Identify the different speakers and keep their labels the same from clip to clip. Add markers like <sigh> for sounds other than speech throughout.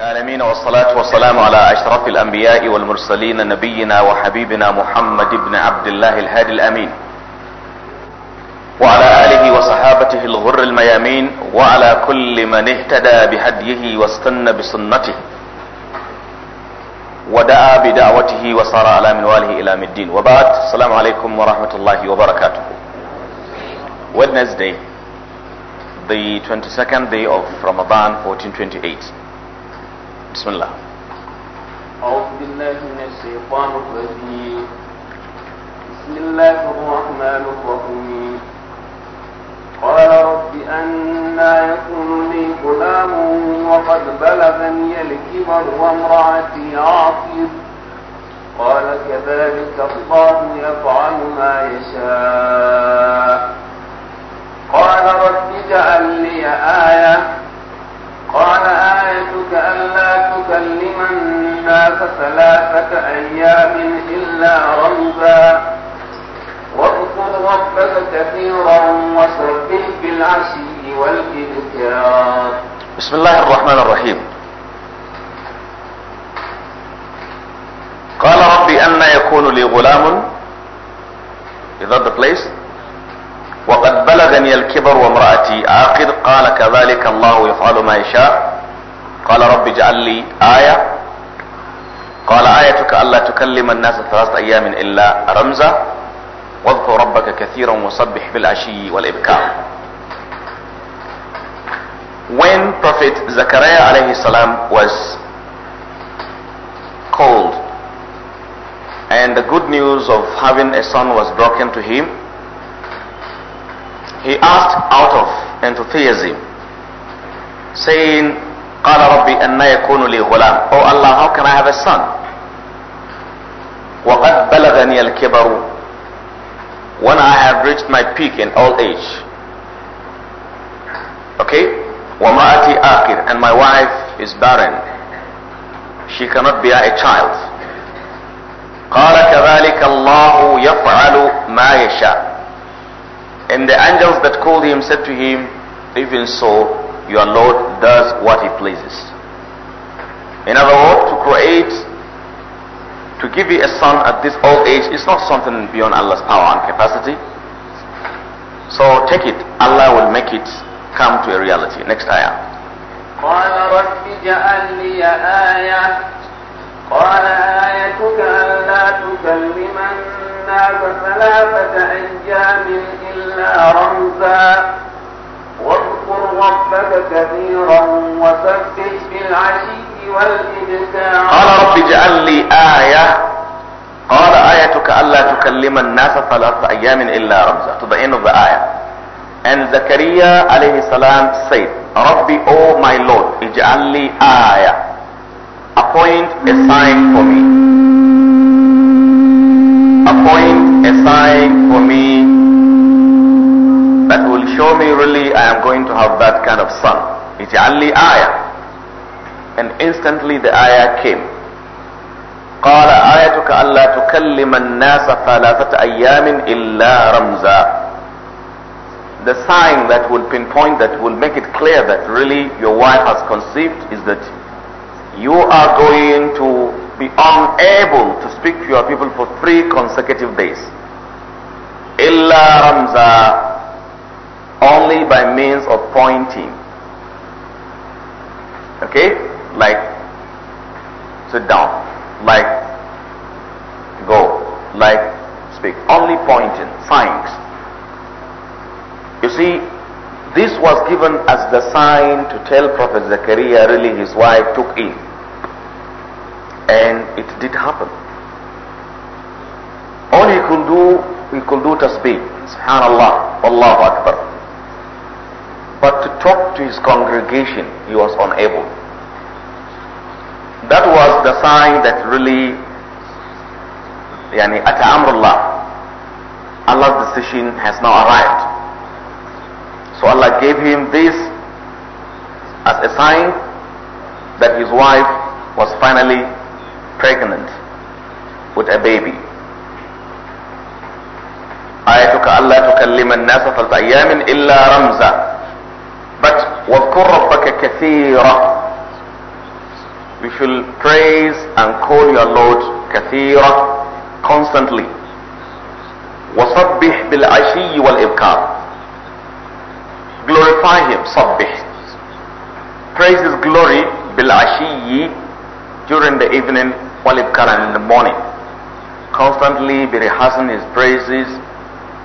Speaker 1: العالمين والصلاة والسلام على أشرف الأنبياء والمرسلين نبينا وحبيبنا محمد بن عبد الله الهادي الأمين وعلى آله وصحابته الغر الميامين وعلى كل من اهتدى بهديه واستنى بسنته ودعا بدعوته وصار على من واله إلى الدين وبعد السلام عليكم ورحمة الله وبركاته Wednesday, the 22nd day of Ramadan 1428 بسم الله
Speaker 2: أعوذ بالله من الشيطان الرجيم بسم الله الرحمن الرحيم قال رب أنا يكون لي غلام وقد بلغني الكبر وامرأتي عاقر قال كذلك الله يفعل ما يشاء قال رب اجعل لي آية قال آيتك ألا تكلم الناس ثلاثة أيام إلا رمزا واذكر ربك كثيرا
Speaker 1: وسبح بالعشي والإذكار بسم الله الرحمن الرحيم قال ربي أن يكون لي غلام Is that the place? وقد بلغني الكبر وامرأتي عاقر قال كذلك الله يفعل ما يشاء قال رب اجعل لي آية قال آيتك ألا تكلم الناس ثلاثة أيام إلا رمزا واذكر ربك كثيرا وسبح بالعشي والإبكار When Prophet Zechariah alayhi salam was called and the good news of having a son was broken to him he asked out of enthusiasm saying قال ربي أن يكون لي غلام Oh Allah how can I have a son وقد بلغني الكبر when I have reached my peak in old age okay ومرأتي آخر and my wife is barren she cannot bear a child قال كذلك الله يفعل ما يشاء and the angels that called him said to him, Even so, your Lord does what he pleases. In other words, to create, to give you a son at this old age is not something beyond Allah's power and capacity. So take it. Allah will make it come to a reality. Next ayah.
Speaker 2: قال رب اجعل لي آية قال آيتك ألا تكلم الناس ثلاثة أيام إلا رمزا واذكر ربك كثيرا وسبح بالعشي والإبكار قال رب اجعل لي آية
Speaker 1: قال آيتك ألا تكلم الناس ثلاثة أيام إلا رمزا تبين بآية And Zachariah alayhi salam said, Rabbi, O oh my Lord, ij'alli ayah. آية. Appoint a sign for me. point a sign for me that will show me really I am going to have that kind of son. only ayah. And instantly the ayah came. قال آيتك ألا تكلم الناس ثلاثة أيام إلا رمزا the sign that will pinpoint, that will make it clear that really your wife has conceived is that you are going to be unable to speak to your people for three consecutive days. Illa Ramza, only by means of pointing. Okay? Like, sit down. Like, go. Like, speak. Only pointing. Signs. You see, this was given as the sign to tell Prophet Zechariah, really his wife took in. And it did happen. All he could do, he could do tasbih. Subhanallah, Allahu Akbar. But to talk to his congregation, he was unable. That was the sign that really, yani, at amrullah, Allah's decision has now arrived. So Allah gave him this as a sign that his wife was finally pregnant with a baby آيتك ألا تكلم الناس ثلاث أيام إلا رمزا but واذكر ربك كثيرا we should praise and call your Lord كثيرا constantly وصبح بالعشي والإبكار glorify him صبح praise his glory بالعشي during the evening Walid Karan in the morning, constantly be rehearsing his praises.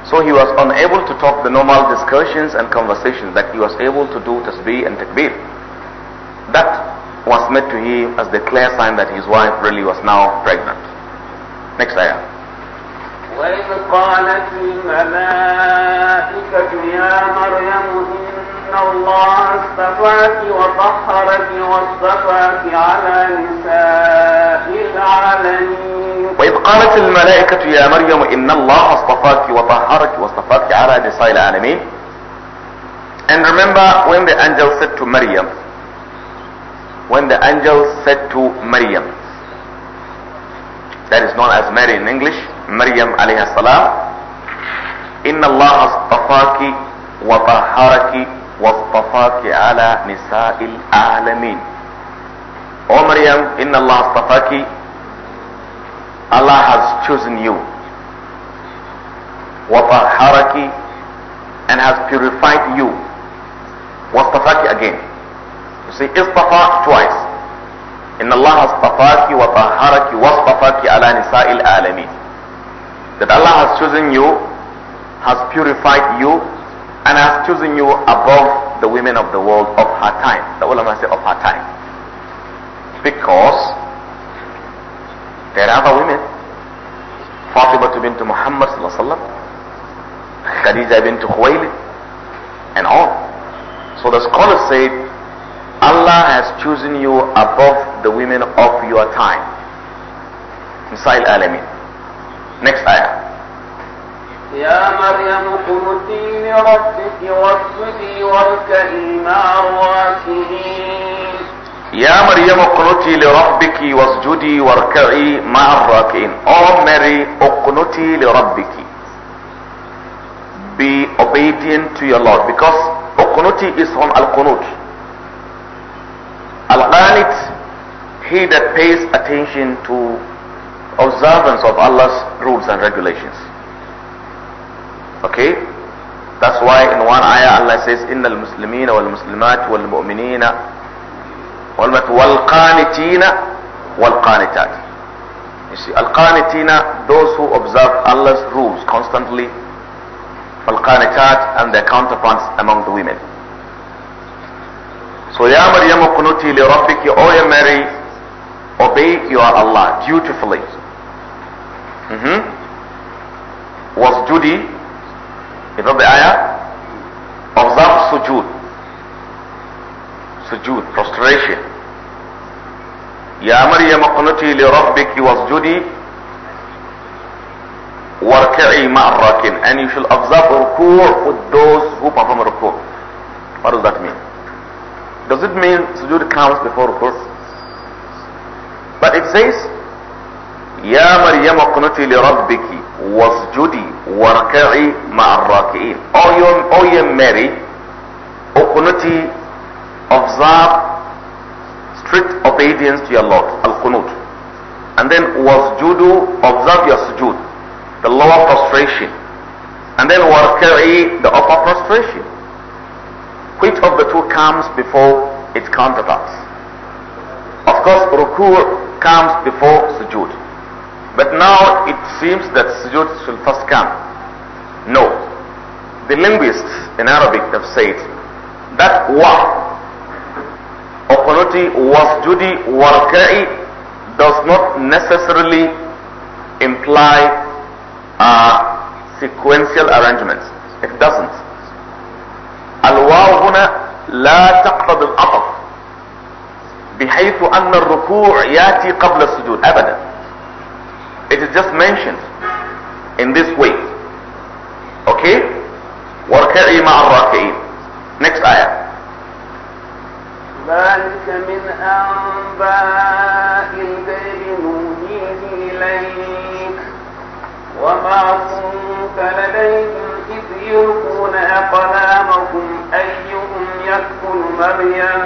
Speaker 1: So he was unable to talk the normal discussions and conversations that he was able to do tasbih and takbir. That was made to him as the clear sign that his wife really was now pregnant. Next ayah.
Speaker 2: وإذ قالت الملائكة يا مريم إن الله اصطفاك وطهرك واصطفاك على نساء العالمين
Speaker 1: وإذ قالت الملائكة يا مريم إن الله اصطفاك وطهرك واصطفاك على نساء العالمين And remember when the angel said to Maryam, when the angel said to Maryam, that is known as Mary in English, Maryam alayhi salam. Inna Allah astafaki wa taharaki wa astafaki ala nisa'il alameen. O Maryam, inna Allah astafaki, Allah has chosen you. Wa taharaki and has purified you. Wa again. You see, istafa twice. إن الله اصطفاك وطهرك واصطفاك على نساء العالمين that Allah has chosen you has purified you and has chosen you above the women of the world of her time the ulama say of her time because there are other women Fatima bint Muhammad Khadija bint Khuwailid and all so the scholars say. Allah has chosen you above the women of your time. Misail alamin. Next ayah.
Speaker 2: يا مريم قنتي لربك واسجدي واركعي مع الراكعين.
Speaker 1: يا مريم اقنتي لربك واسجدي واركعي مع الراكعين. اقنتي لربك. Be obedient to your Lord because اقنتي is from al-qunut. Al-Qanit, he that pays attention to observance of Allah's rules and regulations. Okay? That's why in one ayah Allah says, إِنَّ الْمُسْلِمِينَ وَالْمُسْلِمَاتِ وَالْمُؤْمِنِينَ wal وَالْقَانِتَاتِ You see, al-qanitina, those who observe Allah's rules constantly, al-qanitat and their counterparts among the women. So Ya Maryam kunuti li rabbiki, O ya Mary, obey your Allah dutifully. Mm-hmm. Wasjudi, is that the ayah? Observe sujud, sujud, prostration. Ya Maryam kunuti li rabbiki wasjudi warka'i ma'arrakin. And you shall observe rukur with those who perform rukur. What does that mean? Does it mean sujood counts before rukur? But it says, يا مريم اقنتي لربك واسجدي واركعي مع الراكعين. O you, o you, Mary, اقنتي, observe strict obedience to your Lord, al-qunut. And then wasjudu, observe your sujood, the lower prostration. And then warka'i, the upper prostration. Which of the two comes before its counterparts? Of course, ruku' comes before sujood. But now it seems that sujood should first come. No. The linguists in Arabic have said that wa Okonuti wasjudi warka'i does not necessarily imply uh, sequential arrangements. It doesn't. الواو هنا لا تقصد الأطف بحيث أن الركوع يأتي قبل السجود أبدا It is just mentioned in this way Okay واركعي مع الراكعين Next ayah آية.
Speaker 2: ذلك من أنباء الغيب نوحيه إليك وما كنت لديهم إذ يلقون أقلامهم أيهم يكفل مريم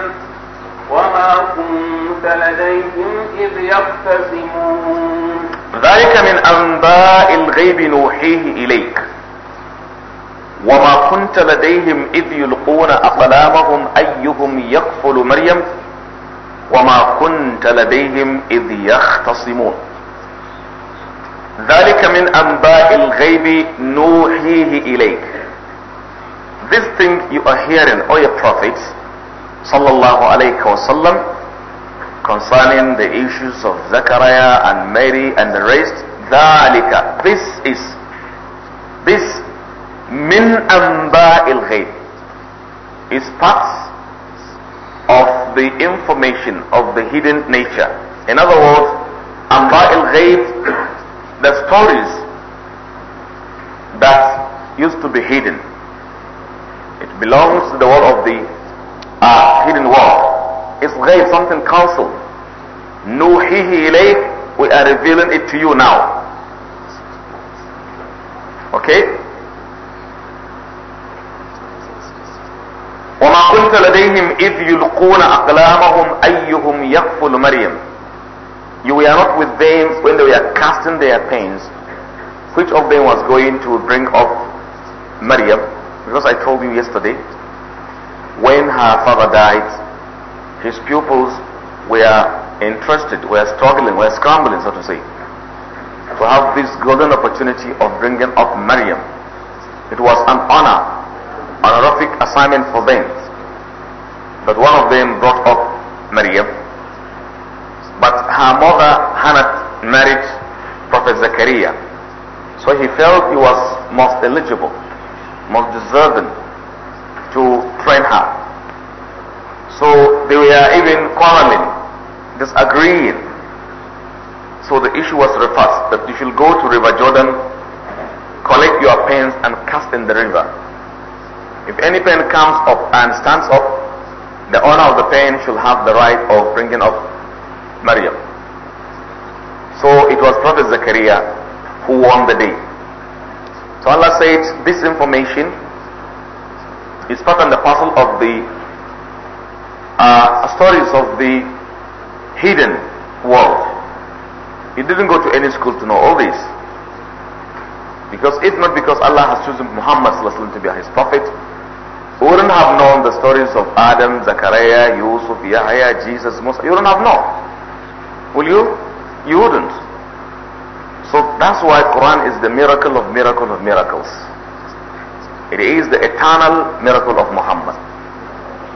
Speaker 2: وما كنت لديهم إذ يختصمون ذلك من أنباء
Speaker 1: الغيب نوحيه إليك وما كنت لديهم إذ يلقون أقلامهم أيهم يقفل مريم وما كنت لديهم إذ يختصمون ذلك من أنباء الغيب نوحيه إليك this thing you are hearing, O your prophets, sallallahu alayhi wasallam, concerning the issues of Zechariah and Mary and the rest, ذَلِكَ This is, this min amba'il ghayb is parts of the information of the hidden nature. In other words, amba'il ghayb, the stories that used to be hidden belongs to the world of the uh, hidden world. It's ghaib, something counsel. Nuhihi ilayk, we are revealing it to you now. Okay? وما لديهم إذ يلقون أقلامهم أيهم يقفل مريم You were not with them when they were casting their pains. Which of them was going to bring up Maryam? Because I told you yesterday, when her father died, his pupils were interested, were struggling, were scrambling, so to say, to have this golden opportunity of bringing up Maryam. It was an honor, honorific assignment for them. But one of them brought up Maryam. But her mother, Hannah, married Prophet Zechariah. So he felt he was most eligible most deserving to train her. So they were even quarreling, disagreeing. So the issue was reversed that you should go to River Jordan, collect your pens and cast in the river. If any pen comes up and stands up, the owner of the pen should have the right of bringing up Maryam. So it was Prophet Zechariah who won the day. So Allah said this information is part and parcel of the uh, stories of the hidden world. He didn't go to any school to know all this. Because if not because Allah has chosen Muhammad to be his prophet, you wouldn't have known the stories of Adam, Zachariah, Yusuf, Yahya, Jesus, Musa. You wouldn't have known. Will you? You wouldn't. So that's why Quran is the miracle of miracle of miracles. It is the eternal miracle of Muhammad.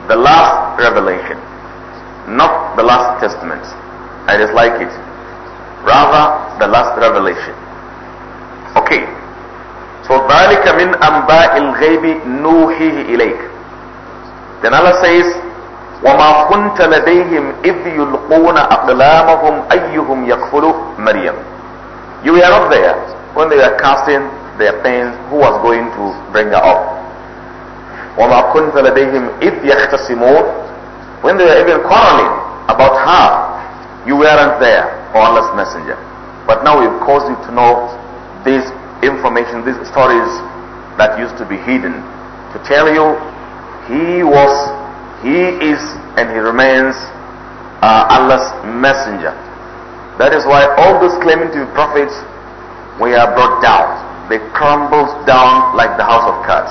Speaker 1: The last revelation, not the last testament. I dislike it. Rather, the last revelation. Okay. So ذلك من أنباء الغيب نوحيه إليك. Then Allah says, وما كنت لديهم إذ يلقون أقلامهم أيهم يكفل مريم. You were not there when they were casting their pens. who was going to bring her up. وَمَا كُنْتَ لَدَيْهِمْ إِذْ more, When they were even quarreling about her, you weren't there, O Allah's messenger. But now we've caused you to know this information, these stories that used to be hidden. To tell you, he was, he is, and he remains uh, Allah's messenger. That is why all those claiming to be prophets, were brought down. They crumbled down like the house of cards.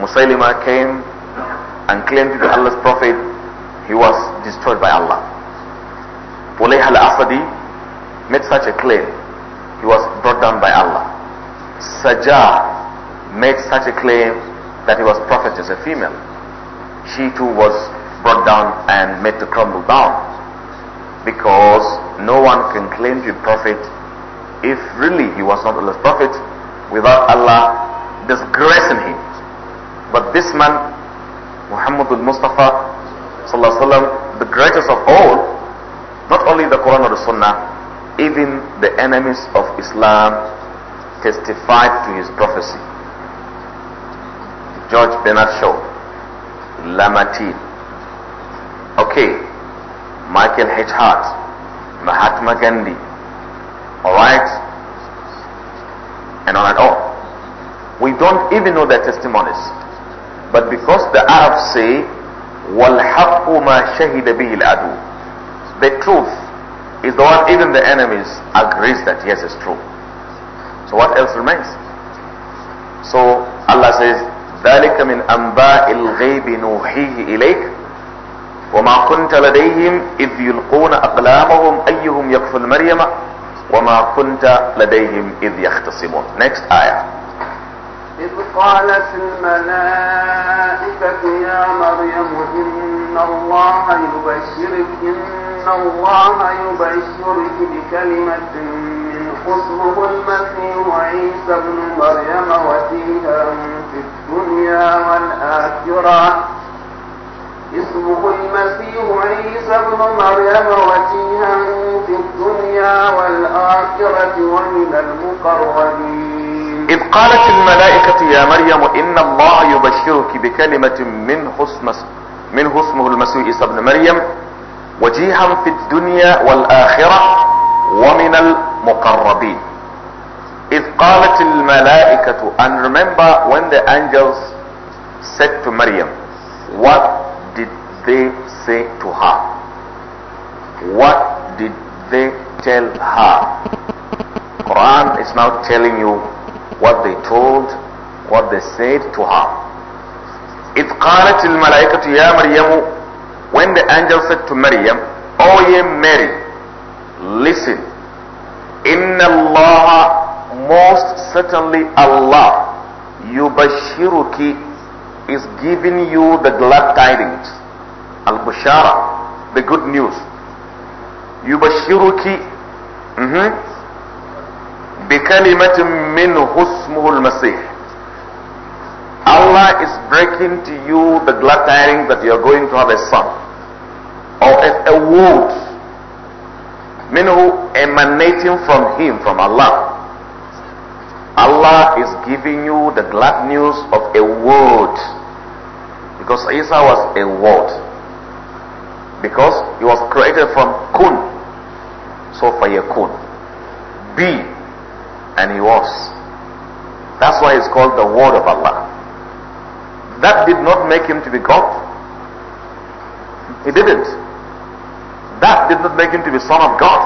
Speaker 1: Musaylima came and claimed to be Allah's prophet. He was destroyed by Allah. Fulayh al-Asadi made such a claim. He was brought down by Allah. Sajjah made such a claim that he was prophet as a female. She too was brought down and made to crumble down because no one can claim to be prophet if really he was not Allah's prophet without Allah disgracing him. But this man, Muhammad al-Mustafa the greatest of all, not only the Quran or the Sunnah, even the enemies of Islam testified to his prophecy. George Bernard Shaw, Lamartine. Okay, Michael H. Hart, Mahatma Gandhi, alright, and on and on. We don't even know their testimonies. But because the Arabs say, وَالْحَقُّ مَا شَهِدَ بِهِ الْعَدُوُ The truth is the one even the enemies agrees that yes, it's true. So what else remains? So Allah says, ذَلِكَ مِنْ أَنْبَاءِ الْغَيْبِ نُوحِيهِ إِلَيْكَ وما كنت لديهم إذ يلقون أقلامهم أيهم يكفل مريم وما كنت لديهم إذ يختصمون next آية
Speaker 2: إذ قالت الملائكة يا مريم إن الله يبشرك إن الله يبشرك بكلمة من خصمه المسيح عيسى ابن مريم وجيها في الدنيا والآخرة اسمه المسيح عيسى ابن مريم وجيها في الدنيا والآخرة ومن المقربين
Speaker 1: إذ قالت الملائكة يا مريم إن الله يبشرك بكلمة منه اسمه منه اسمه المسيح عيسى ابن مريم وجيها في الدنيا والآخرة ومن المقربين إذ قالت الملائكة and remember when the angels said to Maryam what they say to her? What did they tell her? Quran is now telling you what they told, what they said to her. إذ قالت الملائكة يا مريم when the angel said to Maryam, O ye Mary, listen, Inna Allah, most certainly Allah, Yubashiruki is giving you the glad tidings Al-Bushara, the good news. يبشرك بكلمة منه اسمه المسيح Allah is breaking to you the glad tidings that you are going to have a son or a, word منه emanating from him from Allah Allah is giving you the glad news of a word because Isa was a word because he was created from kun so fayakun be and he was that's why it's called the word of Allah that did not make him to be God he didn't that did not make him to be son of God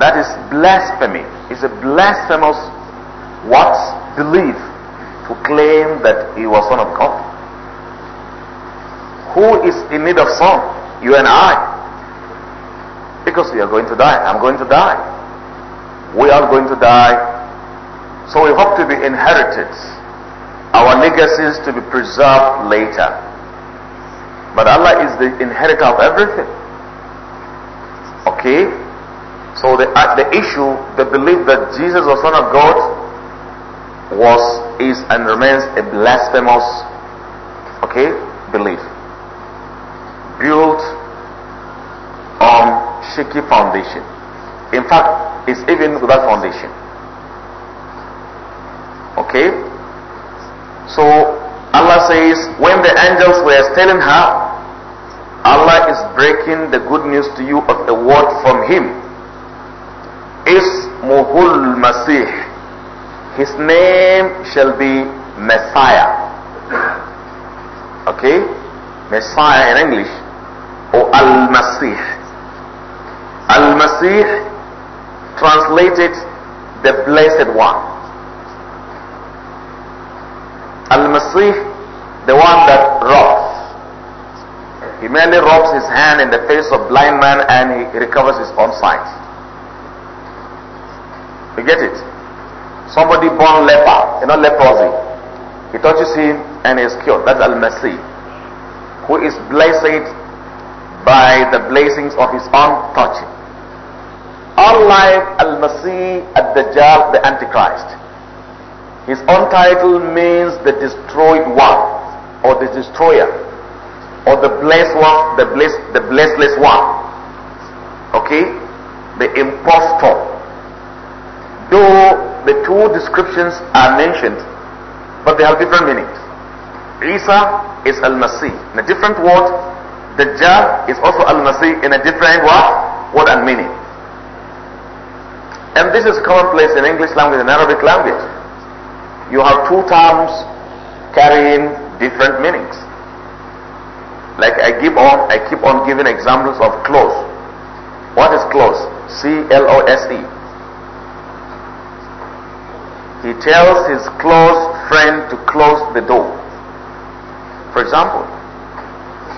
Speaker 1: that is blasphemy it's a blasphemous what belief to claim that he was son of God who is in need of son you and I. Because we are going to die. I'm going to die. We are going to die. So we hope to be inherited. Our legacies to be preserved later. But Allah is the inheritor of everything. Okay? So the, uh, the issue, the belief that Jesus the Son of God was, is and remains a blasphemous, okay, belief. foundation. In fact, it's even without foundation. Okay? So Allah says, when the angels were telling her, Allah is breaking the good news to you of a word from Him. Is Muḥul Masih. His name shall be Messiah. Okay? Messiah in English. Or Al-Masih. Masih translated the blessed one. Al-Masih, the one that robs. He merely rubs his hand in the face of blind man and he recovers his own sight. You get it? Somebody born leper, you know leprosy. He touches him and he is cured. That's Al-Masih, who is blessed by the blessings of his own touching unlike Al-Masih, Ad-Dajjal, the Antichrist. His own title means the destroyed one or the destroyer or the blessed one, the blessed, the blessless one. Okay? The impostor. Though the two descriptions are mentioned, but they have different meanings. Isa is Al-Masih in a different word. Dajjal is also Al-Masih in a different word, word and meaning. And this is commonplace in English language and Arabic language. You have two terms carrying different meanings. Like I keep on, I keep on giving examples of close. What is close? C-L-O-S-E. He tells his close friend to close the door. For example,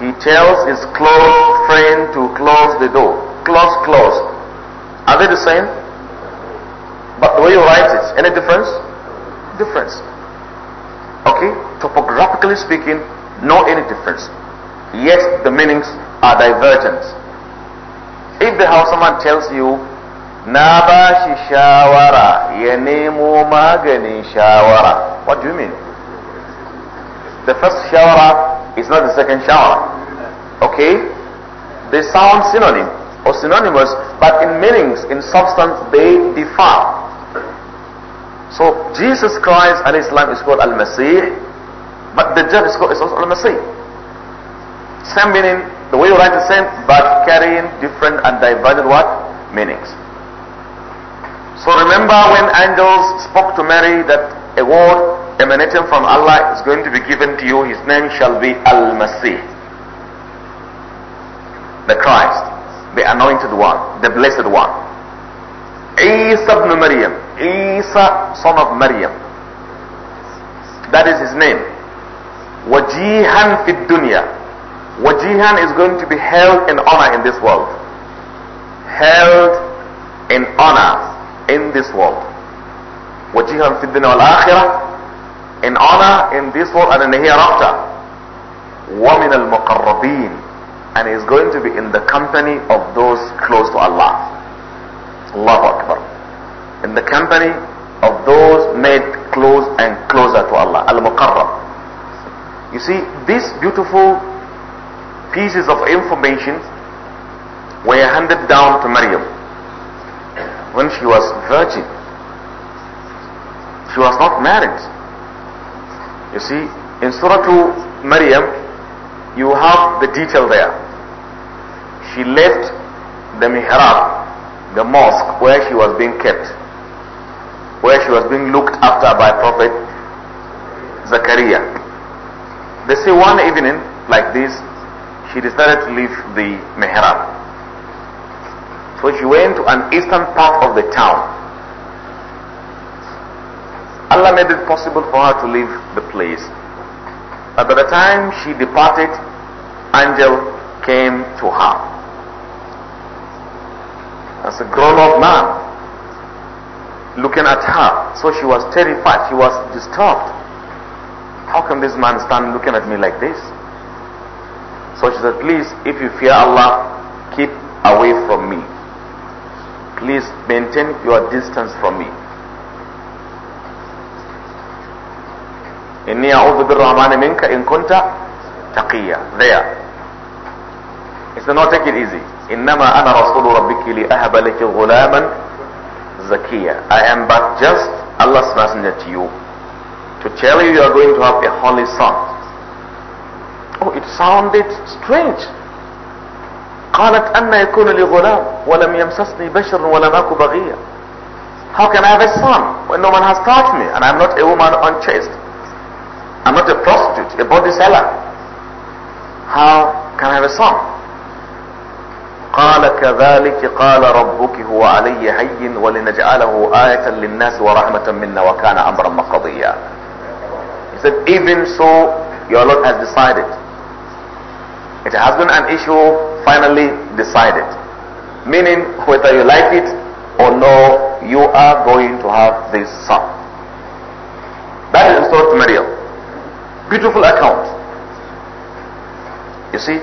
Speaker 1: he tells his close friend to close the door. Close, close. Are they the same? But the way you write it, any difference? Difference. Okay? Topographically speaking, no any difference. Yet the meanings are divergent. If the house man tells you, Na shawara, yenimu nemo shawara, what do you mean? The first shawara is not the second shawara. Okay? They sound synonym or synonymous, but in meanings, in substance, they differ. So Jesus Christ alayhi Islam is called Al-Masih, but Dajjal is, called, also Al-Masih. Same meaning, the way you write the same, but carrying different and divided what? Meanings. So remember when angels spoke to Mary that a word emanating from Allah is going to be given to you, his name shall be Al-Masih. The Christ, the anointed one, the blessed one. Isa ibn Maryam, Isa son of Maryam. That is his name. Wajihan fid dunya. Wajihan is going to be held in honor in this world. Held in honor in this world. Wajihan fid dunya wal akhirah. In honor in this world and in the hereafter. al الْمُقَرَّبِينَ and is going to be in the company of those close to Allah. Allahu Akbar in the company of those made close and closer to Allah. Al-Muqarrab. You see, these beautiful pieces of information were handed down to Maryam when she was virgin. She was not married. You see, in Surah to Maryam, you have the detail there. She left the mihrab, the mosque where she was being kept where she was being looked after by Prophet Zakaria. They say one evening like this, she decided to leave the mihrab. So she went to an eastern part of the town. Allah made it possible for her to leave the place. But by the time she departed, angel came to her. As a grown-up man, looking at her. So she was terrified. She was disturbed. How can this man stand looking at me like this? So she said, please, if you fear Allah, keep away from me. Please maintain your distance from me. إني أعوذ بالرحمن منك إن كنت تقيا there it's not take it easy إنما أنا رسول ربك لأهب لك غلاما Zakiya. I am but just Allah's messenger to you. To tell you you are going to have a holy son. Oh, it sounded strange. قالت أن يكون لي غلام ولم يمسسني بشر ولم أك How can I have a son when no one has touched me and I'm not a woman unchaste? I'm not a prostitute, a body seller. How can I have a son? قال كذلك قال ربك هو علي هين ولنجعله آية للناس ورحمة منا وكان أمرا مقضيا He said even so your Lord has decided It has been an issue finally decided Meaning whether you like it or no you are going to have this son That is the story to Maryam Beautiful account You see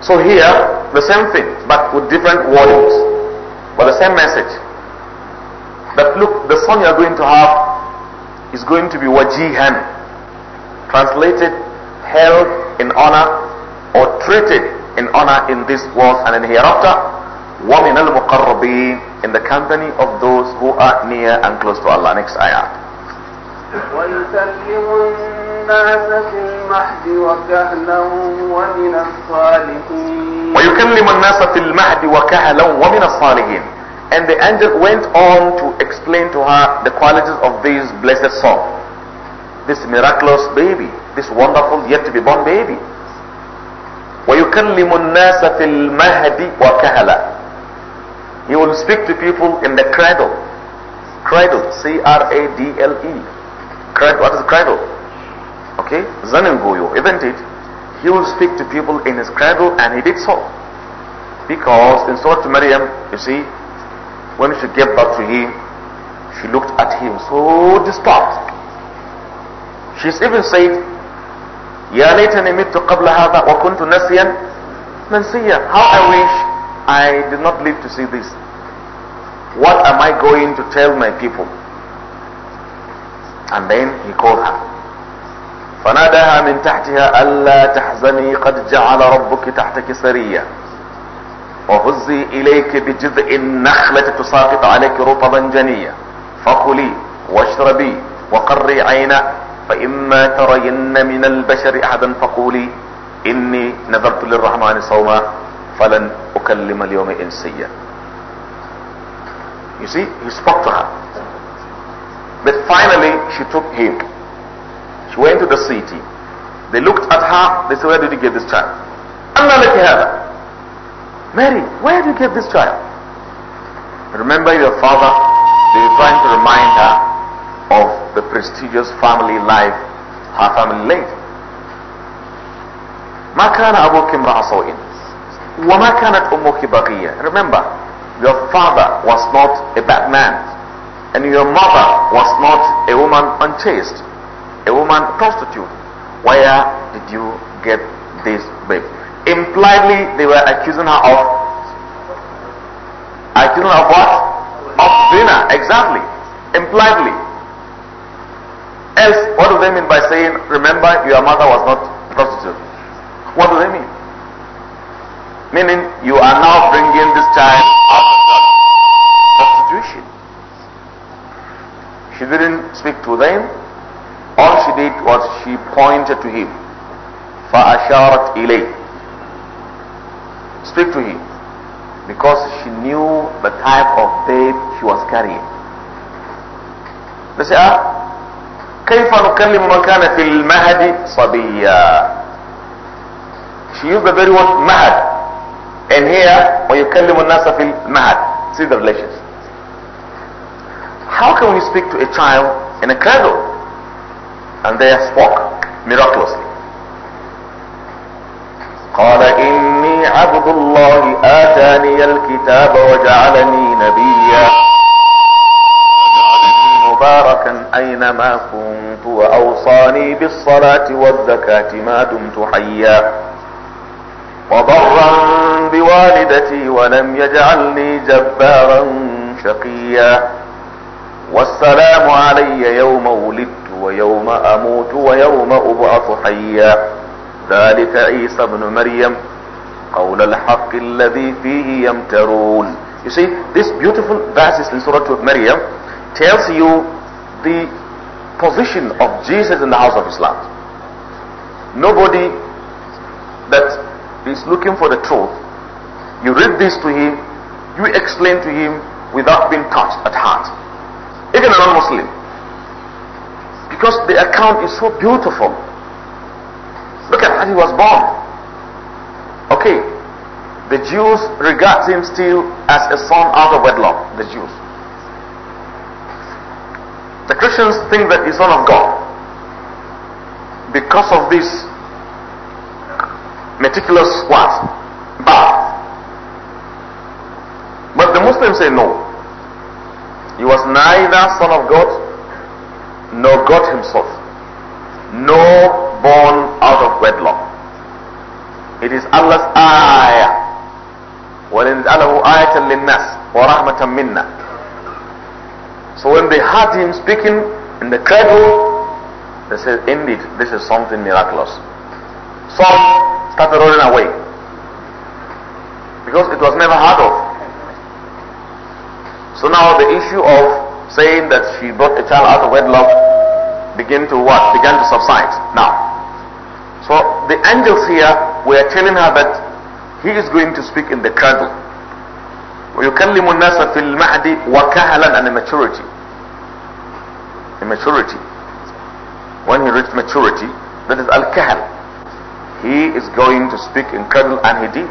Speaker 1: So here, the same thing, but with different wordings, but the same message. That look, the son you are going to have is going to be wajihan, translated held in honor or treated in honor in this world and in hereafter. وَمِنَ الْمُقَرَّبِينَ In the company of those who are near and close to Allah. Next ayat. ويكلم الناس في المهد وكهلا ومن الصالحين And the angel went on to explain to her the qualities of this blessed son, this miraculous baby, this wonderful yet to be born baby. ويكلم الناس في المهد وكهلا He will speak to people in the cradle. Cradle, C-R-A-D-L-E. Cradle, what is cradle? Okay? Zanenguyo, isn't it? He will speak to people in his cradle and he did so. Because in Surah to Maryam, you see, when she gave birth to him, she looked at him so disturbed. She's even said, يا ليتني مت قبل هذا وكنت nasiyan, منسيا how I wish I did not live to see this what am I going to tell my people and then he called her فناداها من تحتها ألا تحزني قد جعل ربك تحتك سريا وهزي إليك بجذع النخلة تساقط عليك رطبا جنيا فكلي واشربي وقري عينا فإما ترين من البشر أحدا فقولي إني نذرت للرحمن صوما فلن أكلم اليوم إنسيا You see, he spoke to her. But finally, she took him She went to the city. They looked at her. They said, where did you get this child? Anna Lekihada. Mary, where did you get this child? Remember your father. They were trying to remind her of the prestigious family life her family led. ما كان أبوك وما كانت أمك Remember, your father was not a bad man and your mother was not a woman unchaste a woman prostitute. Where did you get this babe? Impliedly, they were accusing her of accusing her of what? Of zina, exactly. Impliedly. Else, what do they mean by saying, remember your mother was not prostitute? What do they mean? Meaning, you are now bringing this child out of prostitution. She didn't speak to them all she did was she pointed to him. فَأَشَارَتْ إِلَيْهِ Speak to him. Because she knew the type of babe she was carrying. They ah, كيف نكلم من كان في المهد صبيا She used the very word مهد. And here, when you ويكلم الناس في المهد. See the relations. How can we speak to a child in a cradle? and they spoke miraculously. قال إني عبد الله آتاني الكتاب وجعلني نبيا وجعلني مباركا أينما كنت وأوصاني بالصلاة والزكاة ما دمت حيا وبرا بوالدتي ولم يجعلني جبارا شقيا والسلام علي يوم ولدت ويوم أموت ويوم أبعث حيا ذلك عيسى بن مريم قول الحق الذي فيه يمترون You see, this beautiful verses in Surah to Maryam tells you the position of Jesus in the house of Islam. Nobody that is looking for the truth, you read this to him, you explain to him without being touched at heart. Even a non-Muslim, because the account is so beautiful. Look at how he was born. Okay, the Jews regard him still as a son out of wedlock. The Jews. The Christians think that he's son of God. Because of this meticulous what? Bath. But the Muslims say no. He was neither son of God nor God himself, nor born out of wedlock. It is Allah's ayah. So when they heard him speaking in the cradle, they said, indeed, this is something miraculous. Some started running away because it was never heard of. So now the issue of saying that she brought a child out of wedlock begin to what? Began to subside. Now, so the angels here were telling her that he is going to speak in the cradle. ويكلم الناس في المهد وكهلا and maturity. Immaturity. maturity. When he reached maturity, that is al-kahl. He is going to speak in cradle and he did.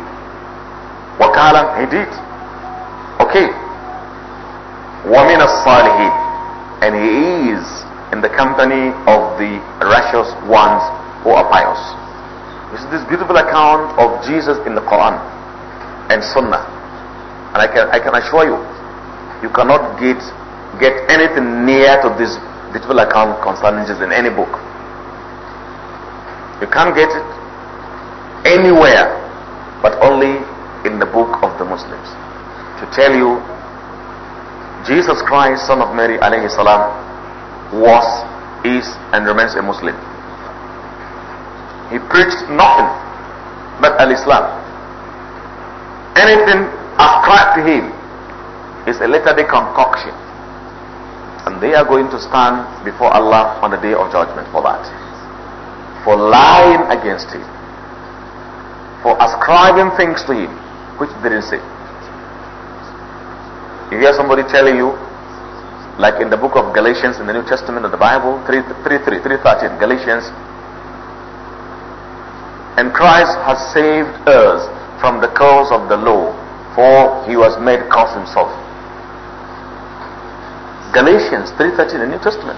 Speaker 1: وكهلا he did. Okay. وَمِنَ الصَّالِحِينَ And he is in the company of the righteous ones who are pious. This is this beautiful account of Jesus in the Quran and Sunnah. And I can, I can assure you, you cannot get, get anything near to this beautiful account concerning Jesus in any book. You can't get it anywhere but only in the book of the Muslims to tell you Jesus Christ, son of Mary, alayhi salam, was, is, and remains a Muslim. He preached nothing but Al Islam. Anything ascribed to him is a latter day concoction. And they are going to stand before Allah on the day of judgment for that. For lying against him. For ascribing things to him, which they didn't say. You hear somebody telling you, like in the book of Galatians in the New Testament of the Bible, 333, 313, Galatians. And Christ has saved us from the curse of the law, for he was made curse himself. Galatians 3.13 in the New Testament.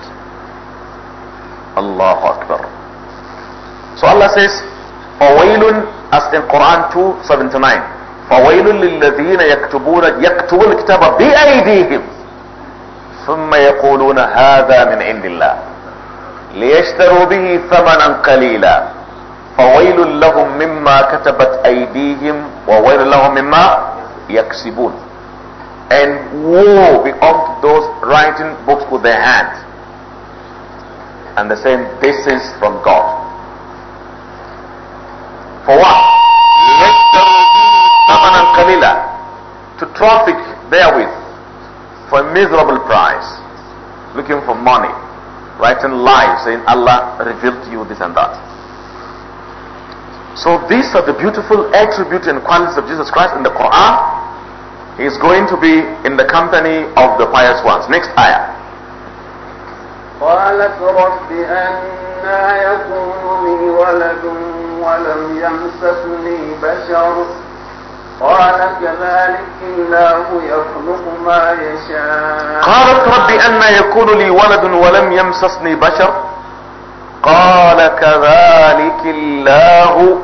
Speaker 1: Allahu Akbar. So Allah says, Awailun as in Quran 2.79. فويل للذين يكتبون يكتبون الكتاب بايديهم ثم يقولون هذا من عند الله ليشتروا به ثمنا قليلا فويل لهم مما كتبت ايديهم وويل لهم مما يكسبون and woe be unto those writing books with their hands and the same this is from God for what formula to traffic therewith for a miserable price, looking for money, writing lies, saying Allah revealed to you this and that. So these are the beautiful attributes and qualities of Jesus Christ in the Quran. He is going to be in the company of the pious ones. Next ayah.
Speaker 2: قالت رب أنا يكون لي ولد ولم بشر قال كذلك الله يخلق ما يشاء قالت ربي أن يكون لي ولد
Speaker 1: ولم يمسسني بشر قال كذلك الله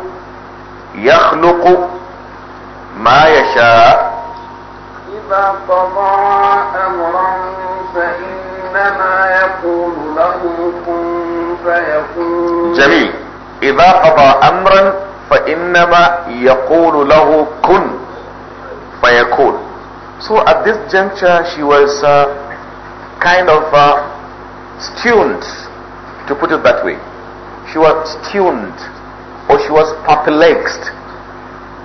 Speaker 1: يخلق ما يشاء إذا قضى
Speaker 2: أمرا فإنما يقول له كن فيكون
Speaker 1: جميل إذا قضى أمرا فإنما يقول له كن فيكون so at this juncture she was uh, kind of uh, stuned to put it that way she was stuned or she was perplexed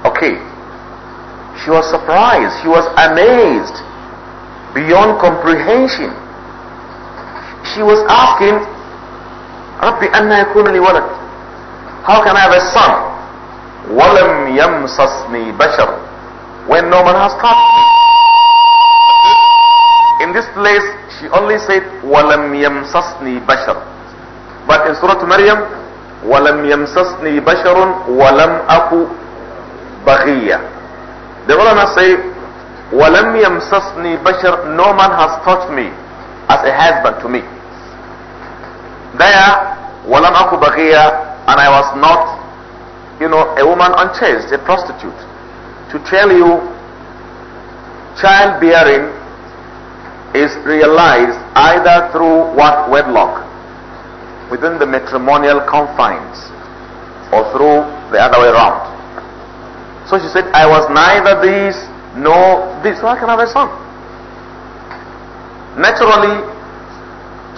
Speaker 1: okay she was surprised she was amazed beyond comprehension she was asking Rabbi anna how can I have a son يمسسني بشر when no man has touched me in this place she only said ولم يمسسني بشر but in Surah Maryam ولم يمسسني بشر ولم أكو بغية the ulama say ولم يمسسني بشر no man has touched me as a husband to me there ولم أكو بغية and I was not you know, a woman unchaste, a prostitute, to tell you childbearing is realized either through what wedlock within the matrimonial confines or through the other way around. So she said, I was neither these nor this. So I can have a son. Naturally,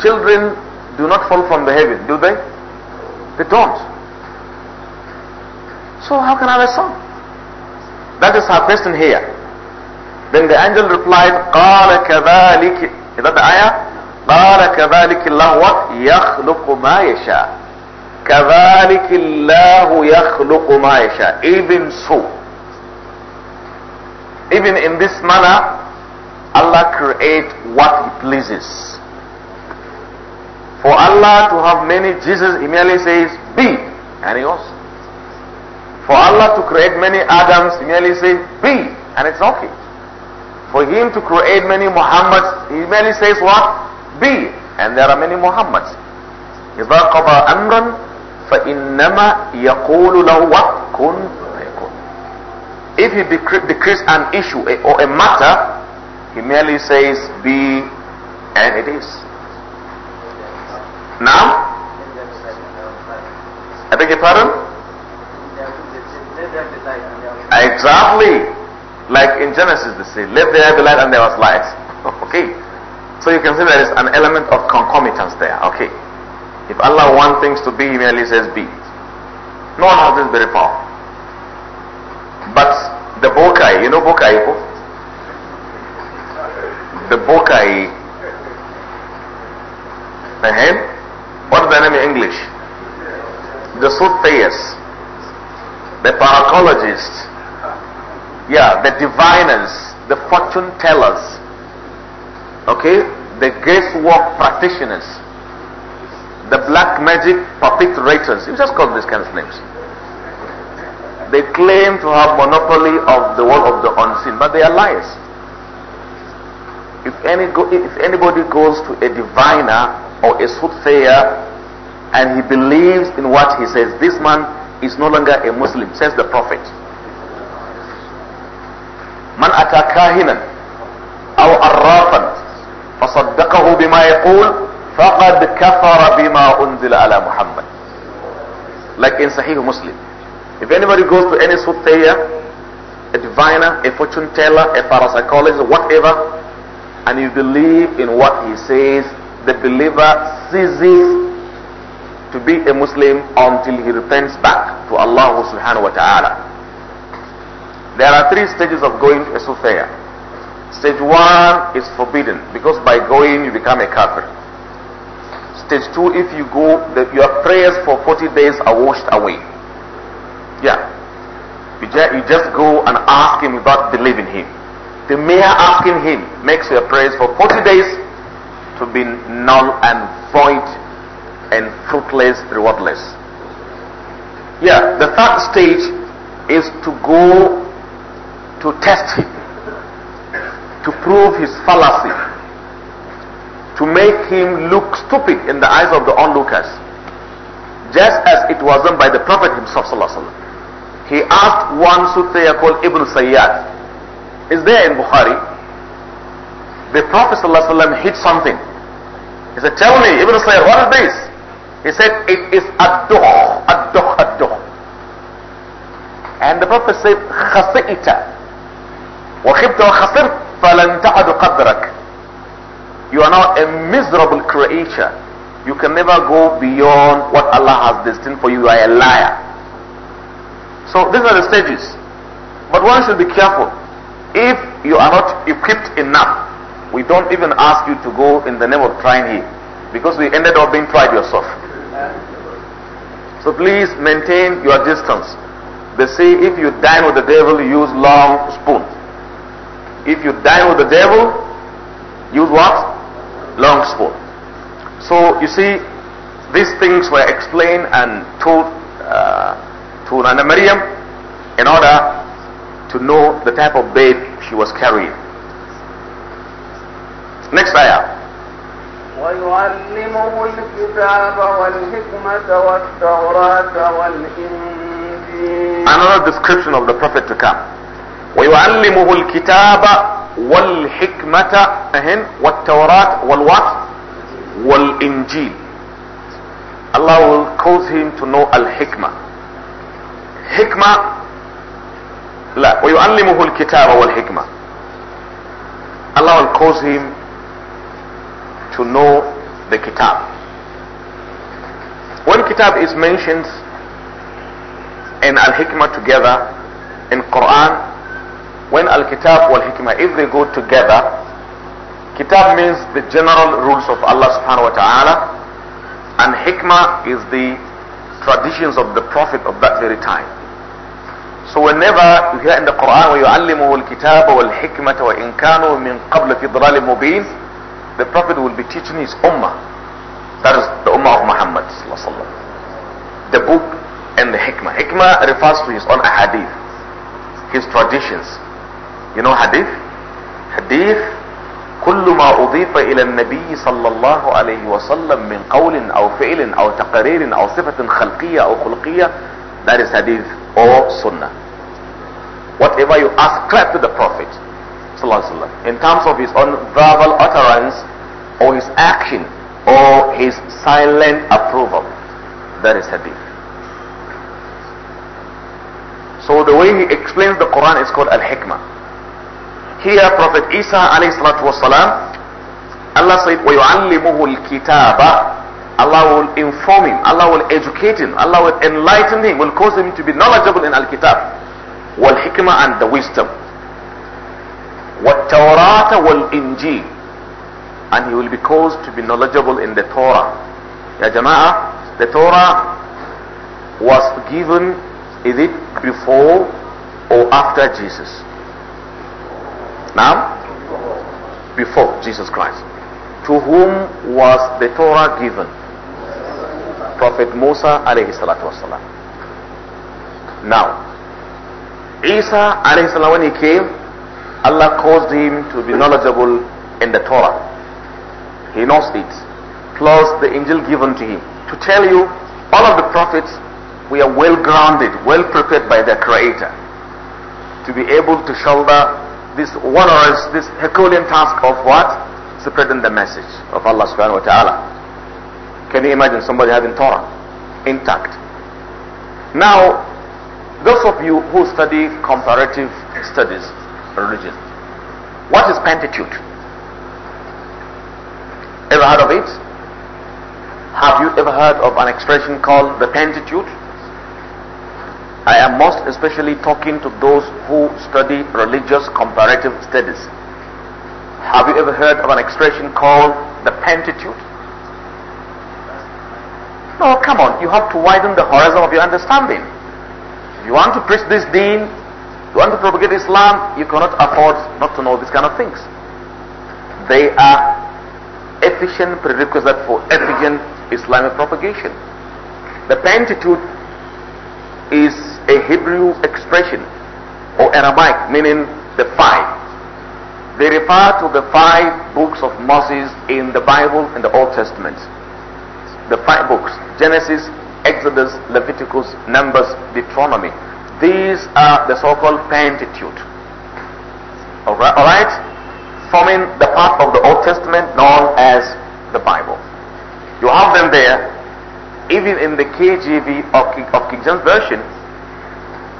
Speaker 1: children do not fall from the heaven, do they? They don't. So how can I have a son? That is her question here. Then the angel replied, قَالَ كَذَلِكِ Is that the ayah? قال كذلك الله what يخلق ما يشاء كذلك الله يخلق ما يشاء even so even in this manner Allah creates what he pleases for Allah to have many Jesus he merely says be and he also. For Allah to create many Adams, he merely says, be, and it's okay. For him to create many Muhammads, he merely says what? Be, and there are many Muhammads. إذا قضى أمرا فإنما يقول له كن If he decrees an issue or a matter, he merely says be and it is. Now, I beg your pardon?
Speaker 2: Exactly.
Speaker 1: Like in Genesis they say, let there be light and there was light. <laughs> okay. So you can see there is an element of concomitance there. Okay. If Allah wants things to be, He merely says be. No one has this very power. But the Bokai, you know Bokai? The Bokai. The head? What is the name in English? The soothsayers the paracologists, yeah, the diviners, the fortune tellers, okay, the guesswork practitioners, the black magic perpetrators. You just call these kinds of names. They claim to have monopoly of the world of the unseen, but they are liars. If, any go, if anybody goes to a diviner or a soothsayer and he believes in what he says, this man is no longer a Muslim, says the Prophet. من أتى كاهنا أو عرافا فصدقه بما يقول فقد كفر بما أنزل على محمد like in Sahih Muslim if anybody goes to any soothsayer a diviner a fortune teller a parapsychologist whatever and you believe in what he says the believer ceases to be a Muslim until he repents back to Allah subhanahu wa ta'ala. There are three stages of going to a Sufaya. Stage one is forbidden because by going you become a kafir. Stage two, if you go, the, your prayers for 40 days are washed away. Yeah. You, ju you just go and ask him without believing him. The mere asking him makes your prayers for 40 days to be null and void and fruitless, rewardless. Yeah, the third stage is to go to test him, to prove his fallacy, to make him look stupid in the eyes of the onlookers, just as it was done by the Prophet himself. He asked one soothsayer called Ibn Sayyad, is there in Bukhari? The Prophet hit something. He said, Tell me, Ibn Sayyad, what is this? He said, it is ad-dukh, ad-dukh, ad-dukh. And the Prophet said, خَسِئِتَ وَخِبْتَ وَخَسِرْتَ فَلَنْ قَدْرَكَ You are now a miserable creature. You can never go beyond what Allah has destined for you. You are a liar. So these are the stages. But one should be careful. If you are not equipped enough, we don't even ask you to go in the name of trying here. Because we ended up being tried yourself. So please maintain your distance. They say if you dine with the devil, use long spoon. If you dine with the devil, use what? Long spoon. So you see, these things were explained and told uh, to Nana Maryam in order to know the type of babe she was carrying.
Speaker 2: Next ayah. ويعلمه الكتاب والحكمة والتوراة والإنجيل
Speaker 1: Another description of the Prophet to come. ويعلمه الكتاب والحكمة أهن والتوراة والوات والإنجيل Allah will cause him to know al-hikmah. Hikmah, لا ويعلمه الكتاب والحكمة. Allah will cause him to know the kitab. When kitab is mentioned and al-hikmah together in Quran, when al-kitab wal hikmah, if they go together, kitab means the general rules of Allah subhanahu wa ta'ala, and hikmah is the traditions of the Prophet of that very time. So whenever you hear in the Quran, وَيُعَلِّمُهُ الْكِتَابَ وَالْحِكْمَةَ وَإِنْ كَانُوا مِنْ قَبْلِ فِي مُبِينٍ the Prophet will be teaching his ummah. That is the ummah of Muhammad The book and the hikmah. Hikmah refers to his own hadith, his traditions. You know hadith? Hadith كل ما أضيف إلى النبي صلى الله عليه وسلم من قول أو فعل أو تقرير أو صفة خلقية أو خلقية that is hadith or sunnah. Whatever you ascribe to the Prophet, in terms of his own verbal utterance or his action or his silent approval. That is hadith. So the way he explains the Quran is called Al-Hikmah. Here Prophet Isa alayhi salatu wasalam, Allah said, وَيُعَلِّمُهُ الْكِتَابَ Allah will inform him, Allah will educate him, Allah will enlighten him, will cause him to be knowledgeable in Al-Kitab. Wal-Hikmah and the wisdom. وَالتَّوْرَاةَ وَالْإِنْجِيلَ And he will be caused to be knowledgeable in the Torah. Ya Jama'a, the Torah was given, is it before or after Jesus? Now? Before Jesus Christ. To whom was the Torah given? Prophet Musa alayhi salatu wasalam. Now, Isa alayhi salam when he came, Allah caused him to be knowledgeable in the Torah. He knows it. Plus the angel given to him. To tell you, all of the prophets we are well grounded, well prepared by their creator to be able to shoulder this onerous, this Herculean task of what? Spreading the message of Allah subhanahu wa ta'ala. Can you imagine somebody having Torah intact? Now, those of you who study comparative studies, religion. What is Pentateuch? Ever heard of it? Have you ever heard of an expression called the Pentateuch? I am most especially talking to those who study religious comparative studies. Have you ever heard of an expression called the Pentateuch? No, come on, you have to widen the horizon of your understanding. If you want to preach this deen, you want to propagate Islam, you cannot afford not to know these kind of things. They are efficient prerequisite for efficient Islamic propagation. The Pentateuch is a Hebrew expression or Aramaic meaning the five. They refer to the five books of Moses in the Bible and the Old Testament. The five books Genesis, Exodus, Leviticus, Numbers, Deuteronomy these are the so-called Pentateuch. Alright? Forming the part of the Old Testament known as the Bible. You have them there, even in the KJV of, King, of King James Version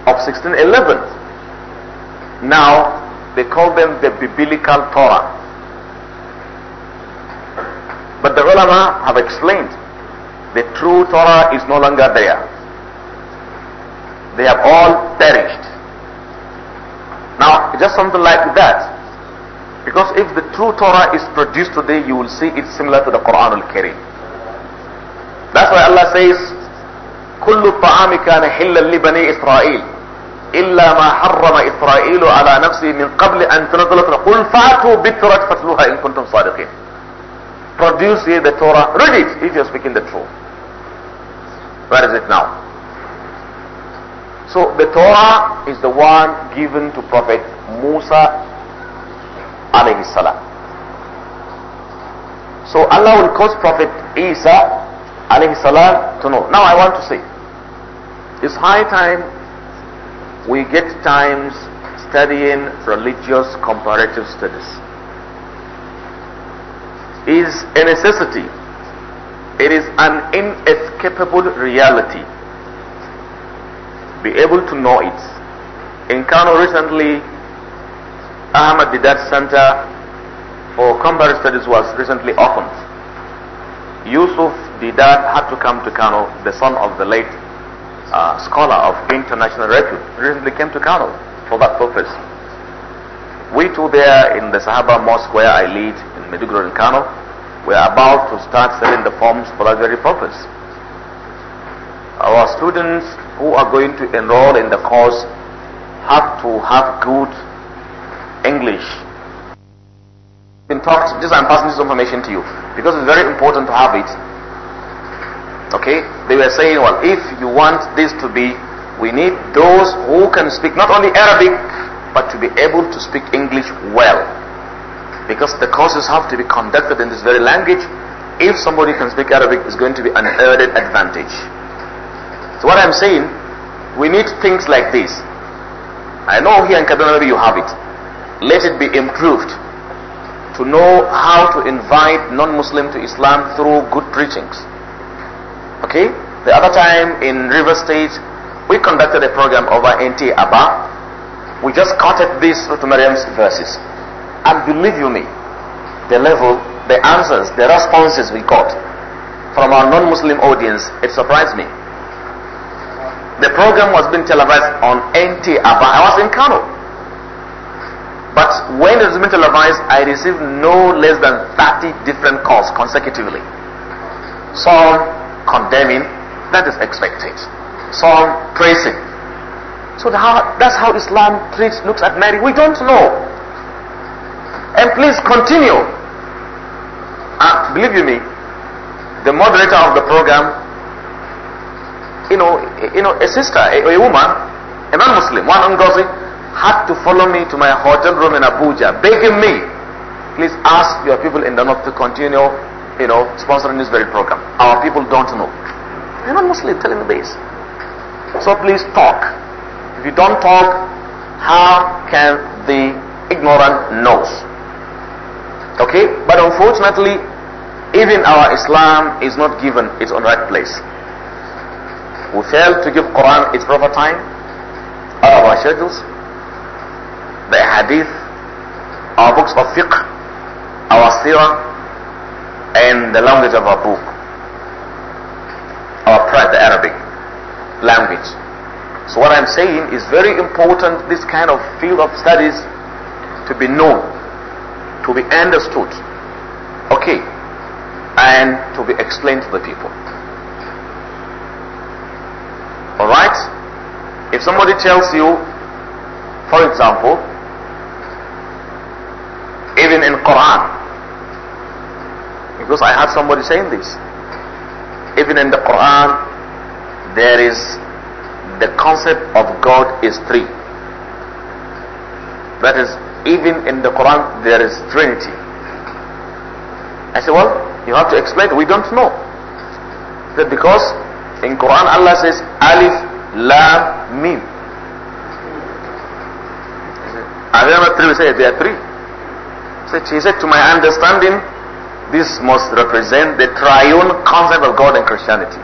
Speaker 1: of 1611. Now, they call them the Biblical Torah. But the ulama have explained the true Torah is no longer there. They have all perished. Now, just something like that. Because if the true Torah is produced today, you will see it's similar to the Quran al kareem That's why Allah says, كل الطعام كان حلا لبني إسرائيل إلا ما حرم إسرائيل على نفسه من قبل أن تنزل قل فاتوا بالتوراة فاتلوها إن كنتم صادقين Produce the Torah, read it if you're speaking the truth. Where is it now? So the Torah is the one given to Prophet Musa alayhi salam. So Allah will cause Prophet Isa alayhi salam to know. Now I want to say, it's high time we get times studying religious comparative studies. Is a necessity. It is an inescapable reality be able to know it. In Kano recently, Ahmad Didat Center for Comparative Studies was recently opened. Yusuf Didat had to come to Kano, the son of the late uh, scholar of international repute, recently came to Kano for that purpose. We two there in the Sahaba Mosque where I lead in Medugro and Kano, we are about to start selling the forms for that very purpose. Our students who are going to enroll in the course have to have good English. In fact, just I'm passing this information to you because it's very important to have it. Okay? They were saying, well, if you want this to be, we need those who can speak not only Arabic, but to be able to speak English well. Because the courses have to be conducted in this very language. If somebody can speak Arabic, it's going to be an added advantage. So what I'm saying, we need things like this. I know here in Kaduna maybe you have it. Let it be improved to know how to invite non-Muslim to Islam through good preachings. Okay? The other time in River State, we conducted a program over NT Abba. We just quoted these to Maryam's verses. And believe you me, the level, the answers, the responses we got from our non-Muslim audience, it surprised me. The program was being televised on NT Aba. I was in Kano. But when it was being televised, I received no less than 30 different calls consecutively. Some condemning, that is expected. Some praising. So that's how Islam treats, looks at Mary. We don't know. And please continue. Uh, believe you me, the moderator of the program you know, you know, a sister, a, a woman, a non-Muslim, one Ngozi, had to follow me to my hotel room in Abuja, begging me, please ask your people in the north to continue, you know, sponsoring this very program. Our people don't know. They're not Muslim telling me this. So please talk. If you don't talk, how can the ignorant know? Okay? But unfortunately, even our Islam is not given its own right place we fail to give Quran its proper time out of our schedules, the hadith, our books of fiqh, our seerah, and the language of our book, our pride, the Arabic language. So what I'm saying is very important this kind of field of studies to be known, to be understood, okay, and to be explained to the people. Alright? If somebody tells you, for example, even in Quran, because I had somebody saying this, even in the Quran, there is the concept of God is three. That is, even in the Quran, there is Trinity. I said, well, you have to explain. We don't know. That because in Quran Allah says Alif, Lam, Mim. Are there not three? We say there are three. He said, to my understanding, this must represent the triune concept of God and Christianity.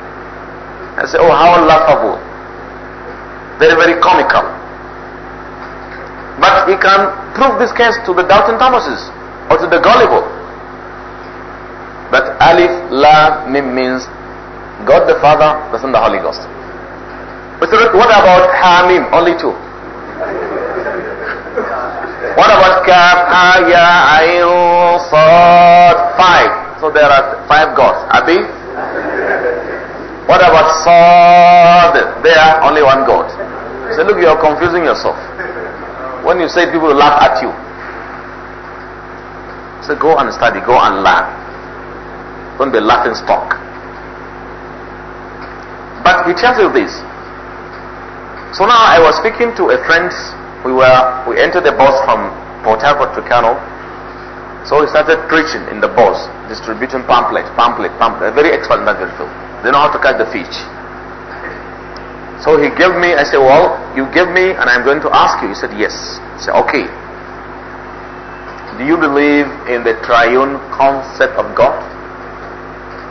Speaker 1: I said, oh, how laughable. Very, very comical. But he can prove this case to the doubting Thomases or to the gullible. But Alif La Mim means God the Father, the Son, the Holy Ghost. We said, what about Hamim? Only two.
Speaker 2: what about Kaf,
Speaker 1: Ha, Five. So there are five gods. Abi? What about Sad? There, only one God. So look, you are confusing yourself. When you say people will laugh at you. So go and study, go and learn. Don't be laughing stock. But he tells you this. So now I was speaking to a friend. We were we entered the bus from Port Harcourt to Kano. So he started preaching in the bus, distributing pamphlets, pamphlet, pamphlet. Very expert in They know how to catch the fish. So he gave me, I said, well, you give me and I'm going to ask you. He said, yes. I said, okay. Do you believe in the triune concept of God?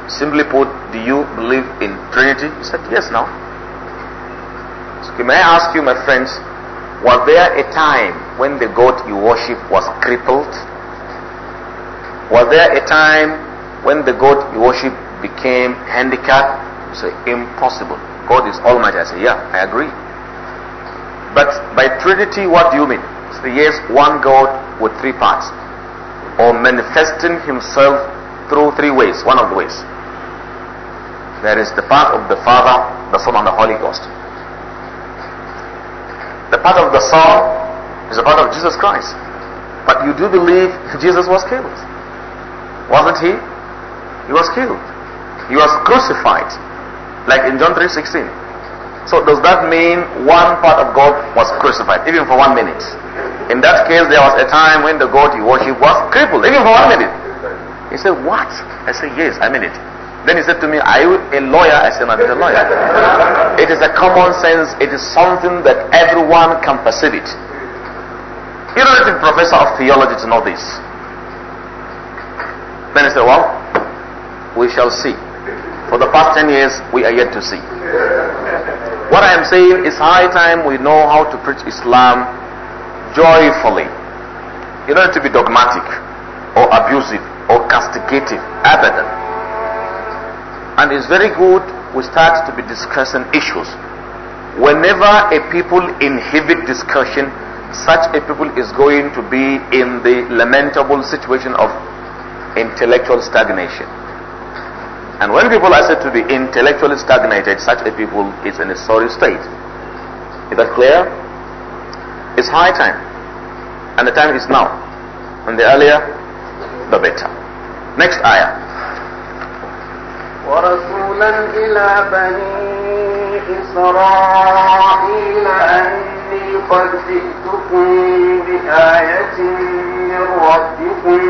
Speaker 1: Simply put, do you believe in Trinity? He said, yes now. may I ask you, my friends, was there a time when the God you worship was crippled? Was there a time when the God you worship became handicapped? You say, impossible. God is almighty. I say, yeah, I agree. But by Trinity, what do you mean? Say, yes, one God with three parts. Or manifesting himself through three ways, one of the ways. There is the path of the Father, the Son, and the Holy Ghost. The path of the Son is the path of Jesus Christ. But you do believe Jesus was killed. Wasn't he? He was killed. He was crucified. Like in John 3.16. So does that mean one part of God was crucified, even for one minute? In that case, there was a time when the God you worship was crippled, even for one minute. He said, what? I said, yes, I mean it. Then he said to me, Are you a lawyer? I said, I'm not a lawyer. it is a common sense, it is something that everyone can perceive it. You don't need to be professor of theology to know this. Then he said, Well, we shall see. For the past 10 years, we are yet to see. What I am saying is high time we know how to preach Islam joyfully. You don't need to be dogmatic or abusive or castigative. Abadan. And it's very good we start to be discussing issues. Whenever a people inhibit discussion, such a people is going to be in the lamentable situation of intellectual stagnation. And when people are said to be intellectually stagnated, such a people is in a sorry state. Is that clear? It's high time. And the time is now. And the earlier, the better. Next ayah.
Speaker 2: ورسولا إلى بني إسرائيل أني قد جئتكم بآية من ربكم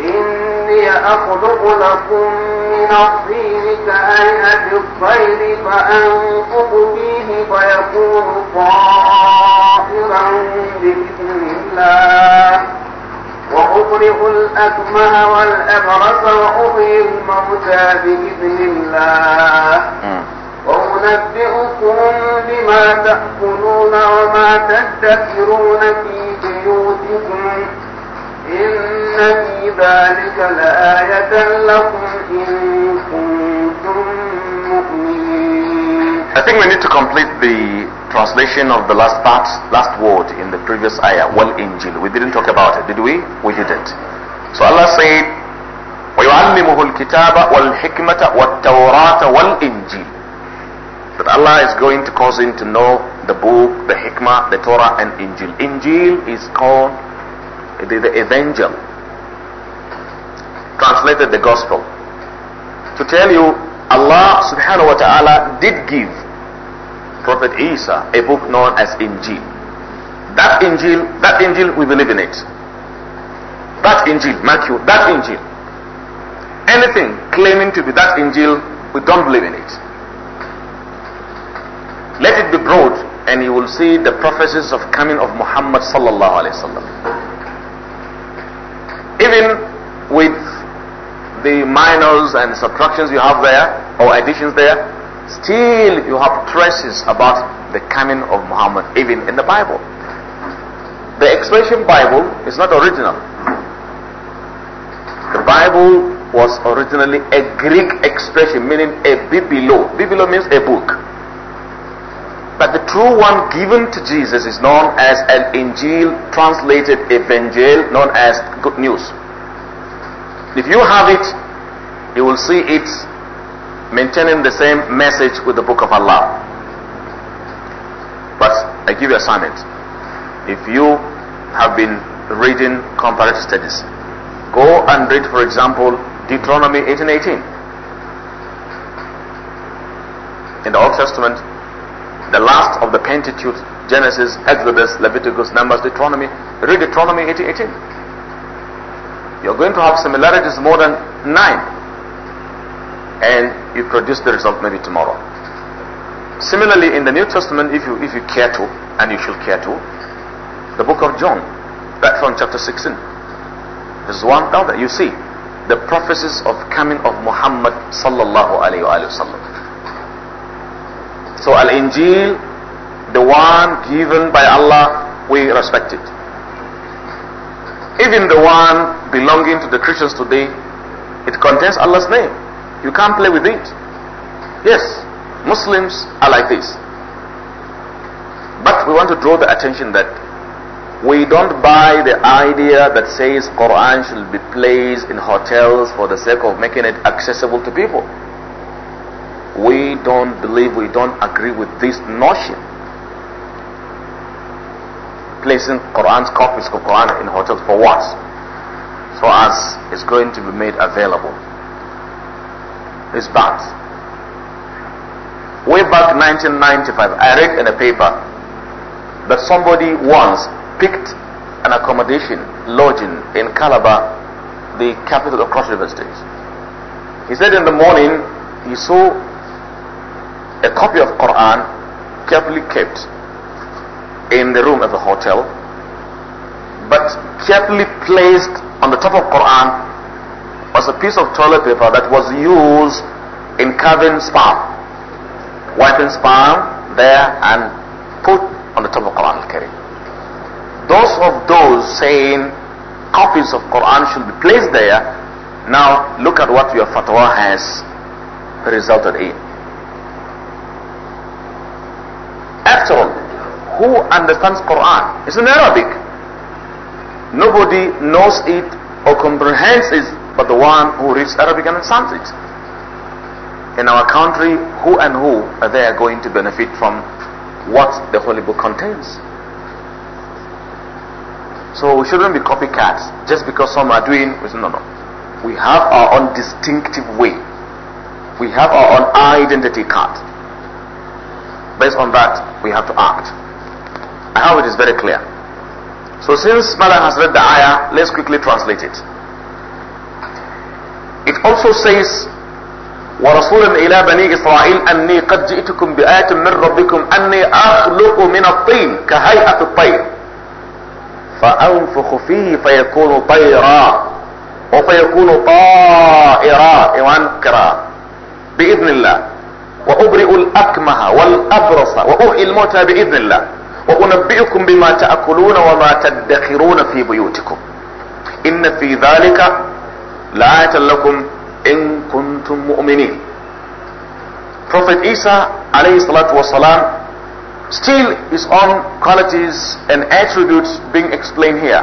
Speaker 2: إني أخلق لكم من الطين كأية الطير فأنفق فيه فيكون طائرا الأكمه والأبرص وأحيي الموتى بإذن الله وأنبئكم بما تأكلون وما في بيوتكم إن في ذلك لآية لكم إن كنتم
Speaker 1: مؤمنين I think we need to complete the translation of the last part, last word in the previous ayah, well, Injil. We didn't talk about it, did we? We didn't. So Allah said, وَيُعَلِّمُهُ الْكِتَابَ وَالْحِكْمَةَ وَالتَّوْرَاةَ وَالْإِنْجِيلَ that Allah is going to cause him to know the book, the Hikmah, the Torah and Injil. Injil is called the, the Evangel, translated the Gospel. To tell you, Allah subhanahu wa ta'ala did give Prophet Isa a book known as Injil. That Injil, that Injil, we believe in it. That angel, Matthew. that angel. Anything claiming to be that angel, we don't believe in it. Let it be brought and you will see the prophecies of coming of Muhammad sallallahu alaihi wasallam. Even with the minors and subtractions you have there or additions there, still you have traces about the coming of Muhammad even in the Bible. The expression Bible is not original. The Bible was originally a Greek expression meaning a bibelo. Bibelo means a book. But the true one given to Jesus is known as an Injil, translated Evangel, known as Good News. If you have it, you will see it maintaining the same message with the Book of Allah. But I give you a assignment. If you have been reading comparative studies, Go and read, for example, Deuteronomy 18 18. In the Old Testament, the last of the Pentateuch, Genesis, Exodus, Leviticus, Numbers, Deuteronomy. Read Deuteronomy 18 18. You're going to have similarities more than nine. And you produce the result maybe tomorrow. Similarly, in the New Testament, if you if you care to, and you should care to, the book of John, right from chapter 16 this is one now that you see the prophecies of coming of Muhammad sallallahu alayhi wa sallam. So Al-Injil, the one given by Allah, we respect it. Even the one belonging to the Christians today, it contains Allah's name. You can't play with it. Yes, Muslims are like this. But we want to draw the attention that we don't buy the idea that says Quran should be placed in hotels for the sake of making it accessible to people. We don't believe, we don't agree with this notion. Placing Quran's copies of Quran in hotels for what? So as it's going to be made available. It's bad. Way back 1995, I read in a paper that somebody once picked an accommodation, lodging in Calabar, the capital of Cross River State. He said in the morning he saw a copy of Quran carefully kept in the room of the hotel, but carefully placed on the top of Quran was a piece of toilet paper that was used in carving spam, wiping sperm there and put on the top of Quran al-Karim those of those saying copies of Quran should be placed there. Now look at what your fatwa has resulted in. After all, who understands Quran? It's in Arabic. Nobody knows it or comprehends it but the one who reads Arabic and understands it. In our country, who and who are they going to benefit from what the Holy Book contains? So we shouldn't be copycats just because some are doing. No, no. We have our own distinctive way. We have our own identity card. Based on that, we have to act. I hope it is very clear. So since Malan has read the ayah, let's quickly translate it. It also says ورسولا إلى بني إسرائيل أني قد جئتكم بآية من ربكم أني أخلق من الطين كهيئة الطير فأنفخ فيه فيكون طيرا وفيكون طائرا وانكرا بإذن الله وأبرئ الأكمه والأبرص وأحيي الموتى بإذن الله وأنبئكم بما تأكلون وما تدخرون في بيوتكم إن في ذلك لآية لكم إن كنتم مؤمنين Prophet Isa عليه الصلاة والسلام still his own qualities and attributes being explained here.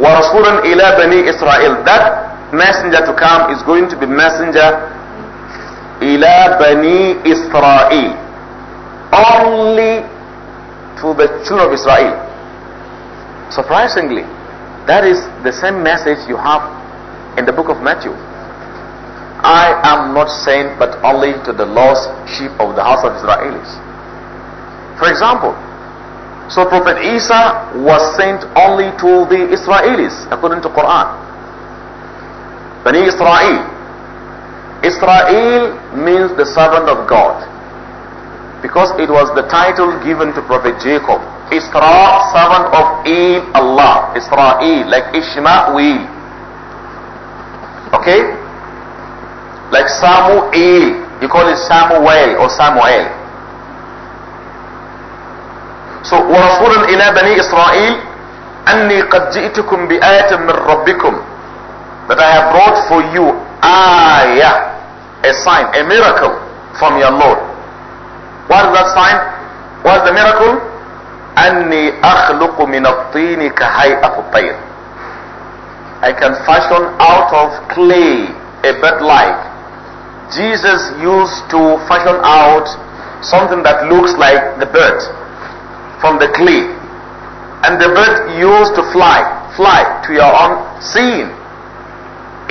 Speaker 1: وَرَسُولًا إِلَىٰ بَنِي إِسْرَائِيلِ That messenger to come is going to be messenger إِلَىٰ بَنِي إِسْرَائِيلِ Only to the children of Israel. Surprisingly, that is the same message you have in the book of Matthew. I am not sent but only to the lost sheep of the house of Israelis. For example, so Prophet Isa was sent only to the Israelis according to Quran. Bani Israel. Israel means the servant of God because it was the title given to Prophet Jacob. Isra, servant of Il Allah. Israel, like Ishmael. Okay? Like Samuel. You call it Samuel or Samuel. So, وَرَسُولًا إِلَى بَنِي إِسْرَائِيلِ أَنِّي قَدْ جِئْتُكُمْ بِآيَةٍ مِّن رَبِّكُمْ That I have brought for you a sign, a miracle from your Lord. What is that sign? What is the miracle? أَنِّي أَخْلُقُ مِنَ الطِّينِ كَهَيْئَةُ الطَّيْرِ I can fashion out of clay a bird-like Jesus used to fashion out something that looks like the bird from the clay. And the bird used to fly, fly to your own seeing.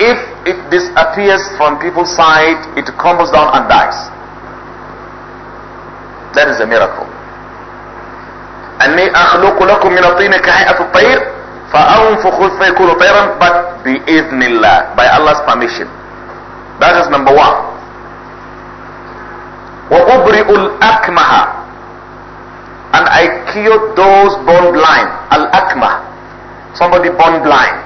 Speaker 1: If it disappears from people's sight, it crumbles down and dies. That is a miracle. أني أخلق لكم من الطين كهيئة الطير فأنفخ فيكون طيرا but بإذن الله by Allah's permission that is number one al الأكمه and I cured those born blind. al Akma, Somebody born blind.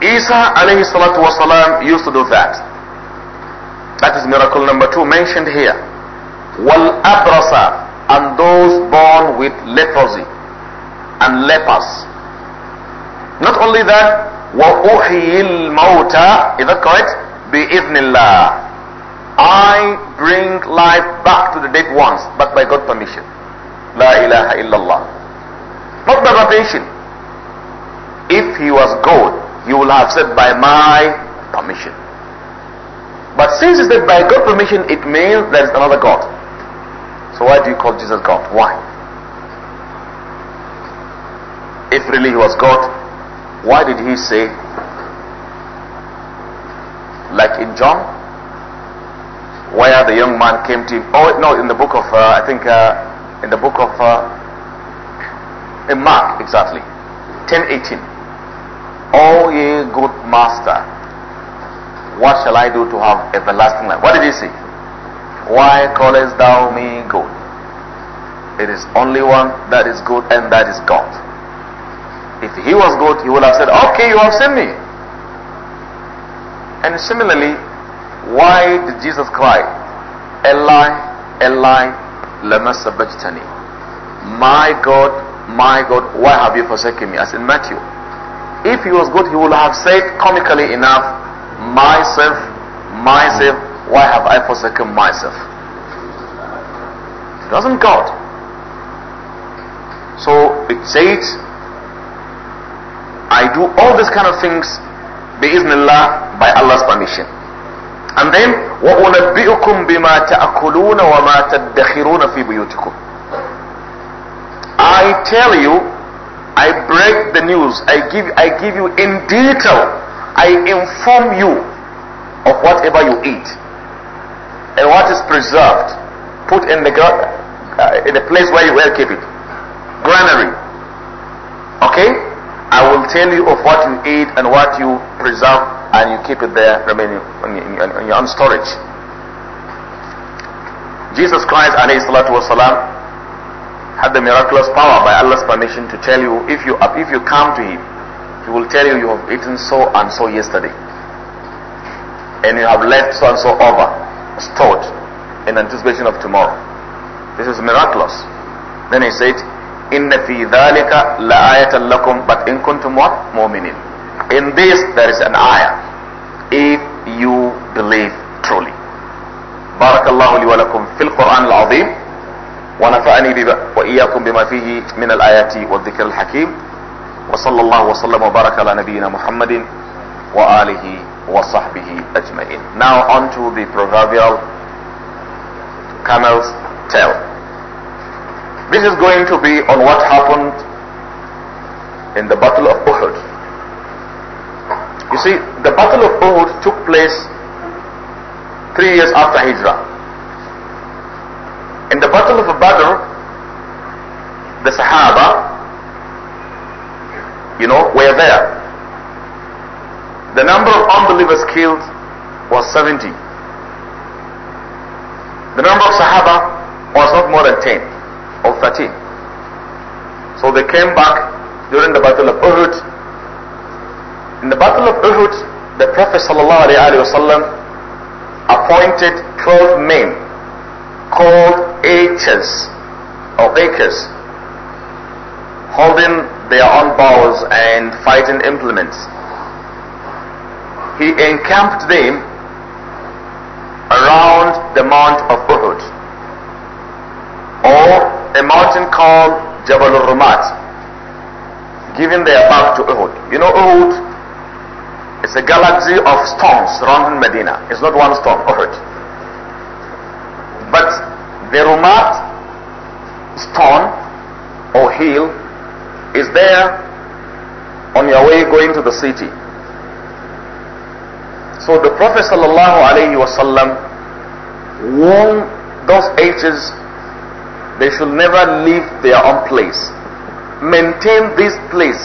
Speaker 1: Isa alayhi salatu wasalam used to do that. That is miracle number two mentioned here. Wal abrasa and those born with leprosy and lepers. Not only that, wa uhiyil mauta. Is that correct? Bi idnillah. I bring life back to the dead ones, but by God's permission. Allah, ilaha illallah. Not the permission. If he was God, he would have said by my permission. But since he said by God's permission, it means there is another God. So why do you call Jesus God? Why? If really he was God, why did he say, like in John, where the young man came to him? Oh no, in the book of uh, I think uh, in the book of uh, in Mark exactly 10:18 Oh ye good master what shall I do to have everlasting life what did he say why callest thou me good it is only one that is good and that is God if he was good he would have said okay you have seen me and similarly why did Jesus cry Eli Eli lama sabbaktani. My God, my God, why have you forsaken me? As in Matthew. If he was good, he would have said comically enough, myself, myself, why have I forsaken myself? It wasn't God. So it says, I do all these kind of things, bi-iznillah, by Allah's permission. And then, وَأُنَبِّئُكُمْ بِمَا تَأْكُلُونَ وَمَا تَدَّخِرُونَ فِي بُيُوتِكُمْ I tell you, I break the news, I give, I give you in detail, I inform you of whatever you eat and what is preserved, put in the, uh, in the place where you will keep it. Granary. Okay? I will tell you of what you eat and what you preserve and you keep it there remaining on your own storage. Jesus Christ wasalam had the miraculous power by Allah's permission to tell you if you if you come to him, he will tell you you have eaten so and so yesterday. And you have left so and so over, stored in anticipation of tomorrow. This is miraculous. Then he said, Inna fi dhalika la ayatan lakum but in kuntum what? Mu'minin. In this, there is an ayah. If you believe truly. بارك الله لي ولكم في القرآن العظيم ونفعني وإياكم بما فيه من الآيات والذكر الحكيم وصلى الله وسلم وبارك على نبينا محمد وآله وصحبه أجمعين Now on to the proverbial camel's tail. This is going to be on what happened in the Battle of Uhud. You see, the Battle of Uhud took place three years after Hijrah. In the Battle of Badr, the Sahaba, you know, were there. The number of unbelievers killed was 70. The number of Sahaba was not more than 10 or 13. So they came back during the Battle of Uhud in the battle of Uhud, the Prophet ﷺ appointed 12 men called Achers or Acres, holding their own bows and fighting implements. He encamped them around the Mount of Uhud or a mountain called Jabal al-Rumat, giving their back to Uhud. You know Uhud it's a galaxy of stones surrounding Medina. It's not one stone, it. But the Rumat stone or hill is there on your way going to the city. So the Prophet sallallahu alayhi wasallam warned those ages they should never leave their own place. Maintain this place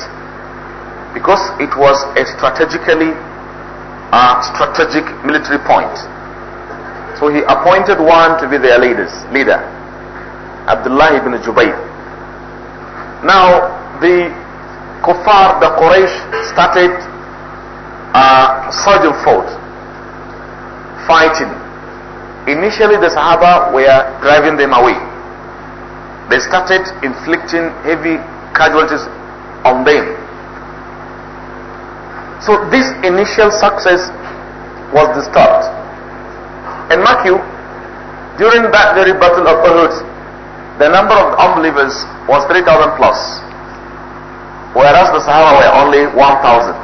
Speaker 1: because it was a strategically uh, strategic military point. So he appointed one to be their leaders, leader, Abdullah ibn Jubayr. Now the kuffar, the Quraysh started uh, surging forward, fighting. Initially the Sahaba were driving them away. They started inflicting heavy casualties on them so this initial success was disturbed. And mark you, during that very battle of Uhud, the number of unbelievers was 3,000 plus, whereas the Sahaba were only 1,000.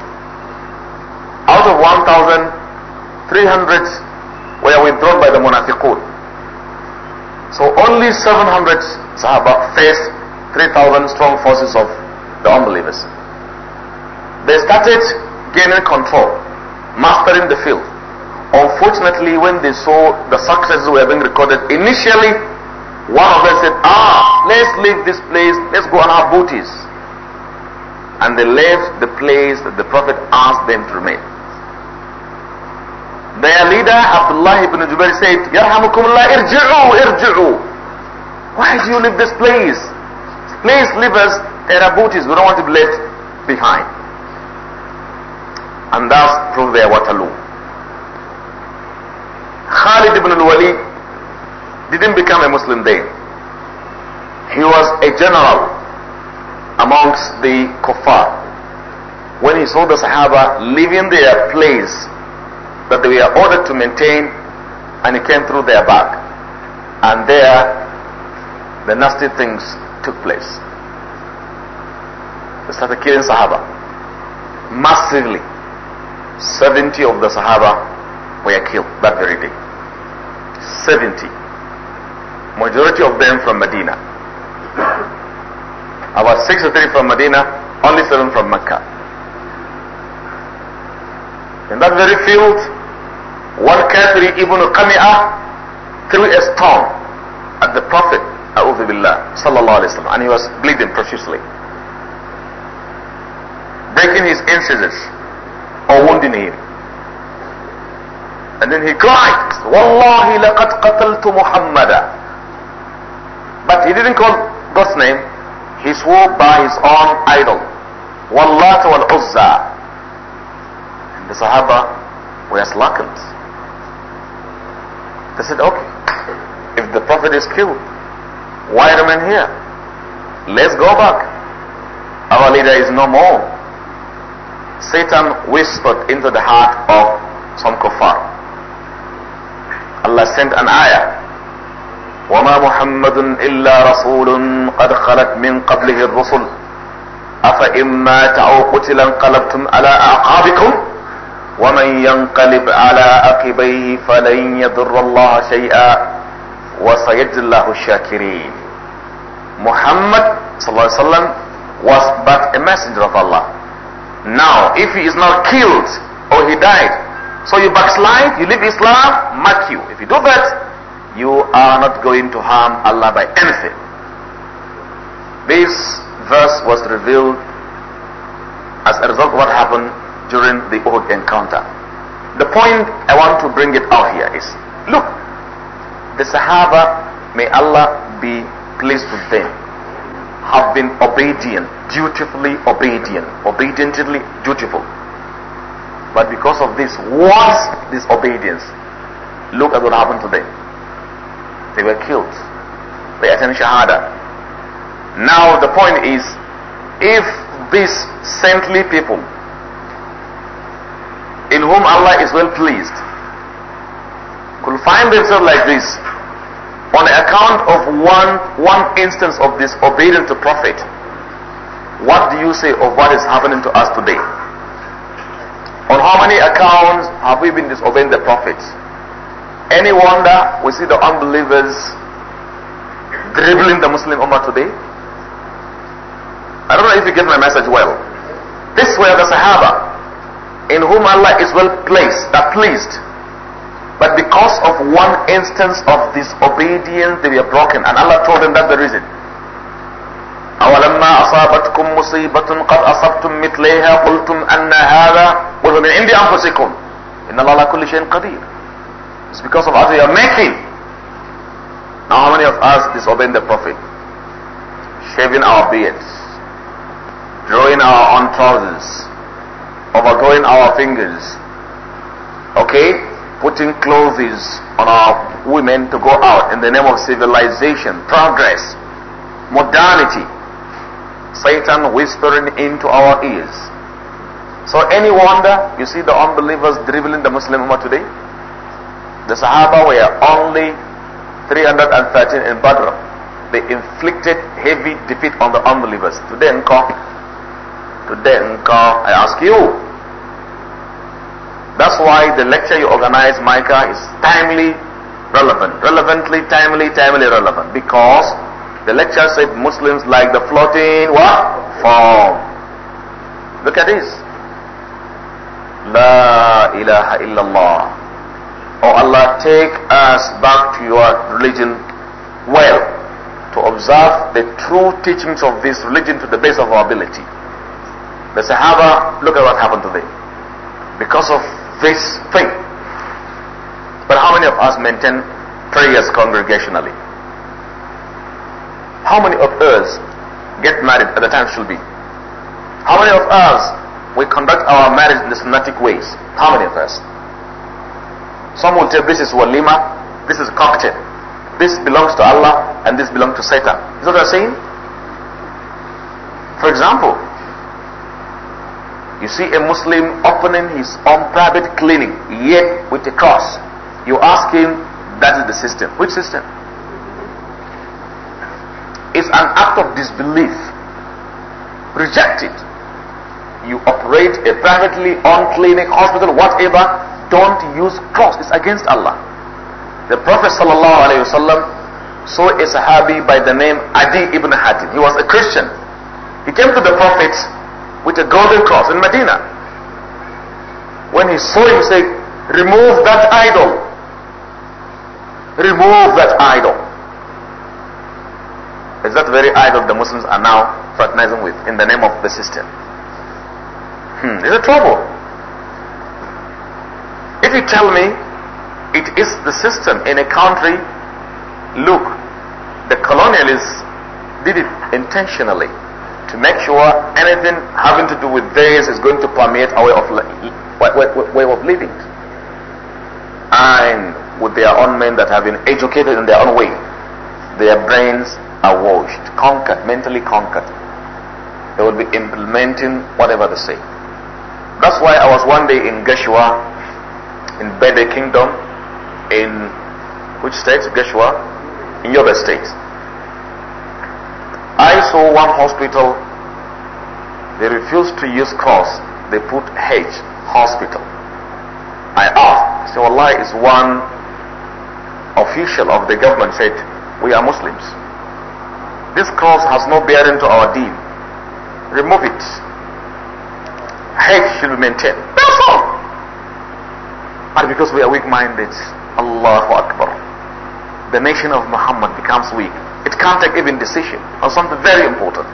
Speaker 1: Out of 1,000, 300 were withdrawn by the Munafiqun. So only 700 Sahaba faced 3,000 strong forces of the unbelievers. They started gaining control, mastering the field. Unfortunately, when they saw the successes were being recorded, initially one of them said, Ah, let's leave this place, let's go and have booties. And they left the place that the Prophet asked them to remain. Their leader, Abdullah ibn Jubair, said, Yarhamukumullah, irji'u, irji'u. Why do you leave this place? Please leave us, there are booties, we don't want to be left behind and thus prove their Waterloo. Khalid ibn al-Walid didn't become a Muslim then. He was a general amongst the kuffar. When he saw the Sahaba leaving their place that they were ordered to maintain and he came through their back. And there the nasty things took place. They started killing Sahaba massively 70 of the Sahaba were killed that very day. 70. Majority of them from Medina. About 63 from Medina, only 7 from Mecca. In that very field, one Kafiri Ibn Qami'ah threw a stone at the Prophet sallallahu and he was bleeding profusely, breaking his incisors or wounding him. And then he cried, Wallahi laqad qataltu Muhammada. But he didn't call God's name. He swore by his own idol. Wallat wal Uzza. And the Sahaba were slackened. They said, okay, if the Prophet is killed, why remain here? Let's go back. Our leader is no more. Satan whispered into the heart of some kuffar. Allah sent an ayah. وما محمد إلا رسول قد خلت من قبله الرسل أفإن مات أو قتل انقلبتم على أعقابكم ومن ينقلب على عقبيه فلن يضر الله شيئا وسيجزي الله الشاكرين Muhammad وسلم, was but a messenger of Allah Now, if he is not killed or he died, so you backslide, you leave Islam, mark you. If you do that, you are not going to harm Allah by anything. This verse was revealed as a result of what happened during the Uhud encounter. The point I want to bring it out here is, look, the Sahaba, may Allah be pleased with them have been obedient, dutifully obedient, obediently dutiful. But because of this was disobedience, look at what happened to them. They were killed. They attended Shahada. Now the point is, if these saintly people, in whom Allah is well pleased, could find themselves like this, on account of one one instance of disobedience to prophet what do you say of what is happening to us today on how many accounts have we been disobeying the prophet any wonder we see the unbelievers dribbling the muslim ummah today i don't know if you get my message well this were the sahaba in whom allah is well placed that pleased but because of one instance of disobedience, they were broken. And Allah told them that's the reason. أولما أصابتكم مصيبة قد أصبتم مثليها قلتم أن هذا قل من عند أنفسكم إن الله شيء قدير It's because of what you are making. Now how many of us disobeying the Prophet? Shaving our beards, drawing our own trousers, overgrowing our fingers, okay, putting clothes on our women to go out in the name of civilization, progress, modernity. Satan whispering into our ears. So any wonder you see the unbelievers dribbling the Muslim Ummah today? The Sahaba were only 313 in Badr. They inflicted heavy defeat on the unbelievers. Today, Nko, today, Nko, I ask you, that's why the lecture you organize, Micah, is timely, relevant. Relevantly, timely, timely, relevant. Because the lecture said Muslims like the floating what? Form. Look at this. La ilaha illallah. Oh Allah, take us back to your religion well to observe the true teachings of this religion to the best of our ability. The Sahaba, look at what happened to them. Because of this thing. But how many of us maintain prayers congregationally? How many of us get married at the time should be? How many of us we conduct our marriage in the synaptic ways? How many of us? Some will tell this is walima, this is cocktail, this belongs to Allah, and this belongs to Satan. Is that what I'm saying? For example, you see a Muslim opening his own private clinic, yet with a cross. You ask him, that is the system. Which system? It's an act of disbelief. Reject it. You operate a privately owned clinic, hospital, whatever. Don't use cross. It's against Allah. The Prophet ﷺ saw a Sahabi by the name Adi ibn Hatim. He was a Christian. He came to the Prophet with a golden cross in Medina. When he saw him say, remove that idol. Remove that idol. It's that very idol the Muslims are now fraternizing with in the name of the system. Hmm, it's a trouble. If you tell me it is the system in a country, look, the colonialists did it intentionally to make sure anything having to do with this is going to permeate our way of, way, of living. And with their own men that have been educated in their own way, their brains are washed, conquered, mentally conquered. They will be implementing whatever they say. That's why I was one day in Geshua, in Bede Kingdom, in which state? Geshua? In Yoba state. I saw one hospital, they refused to use cross. They put H, hospital. I asked, I said, Allah is one official of the government said, we are Muslims. This cross has no bearing to our deen. Remove it. H should be maintained. That's all. And because we are weak-minded, Allahu Akbar. The nation of Muhammad becomes weak. It can't take even decision on something very important.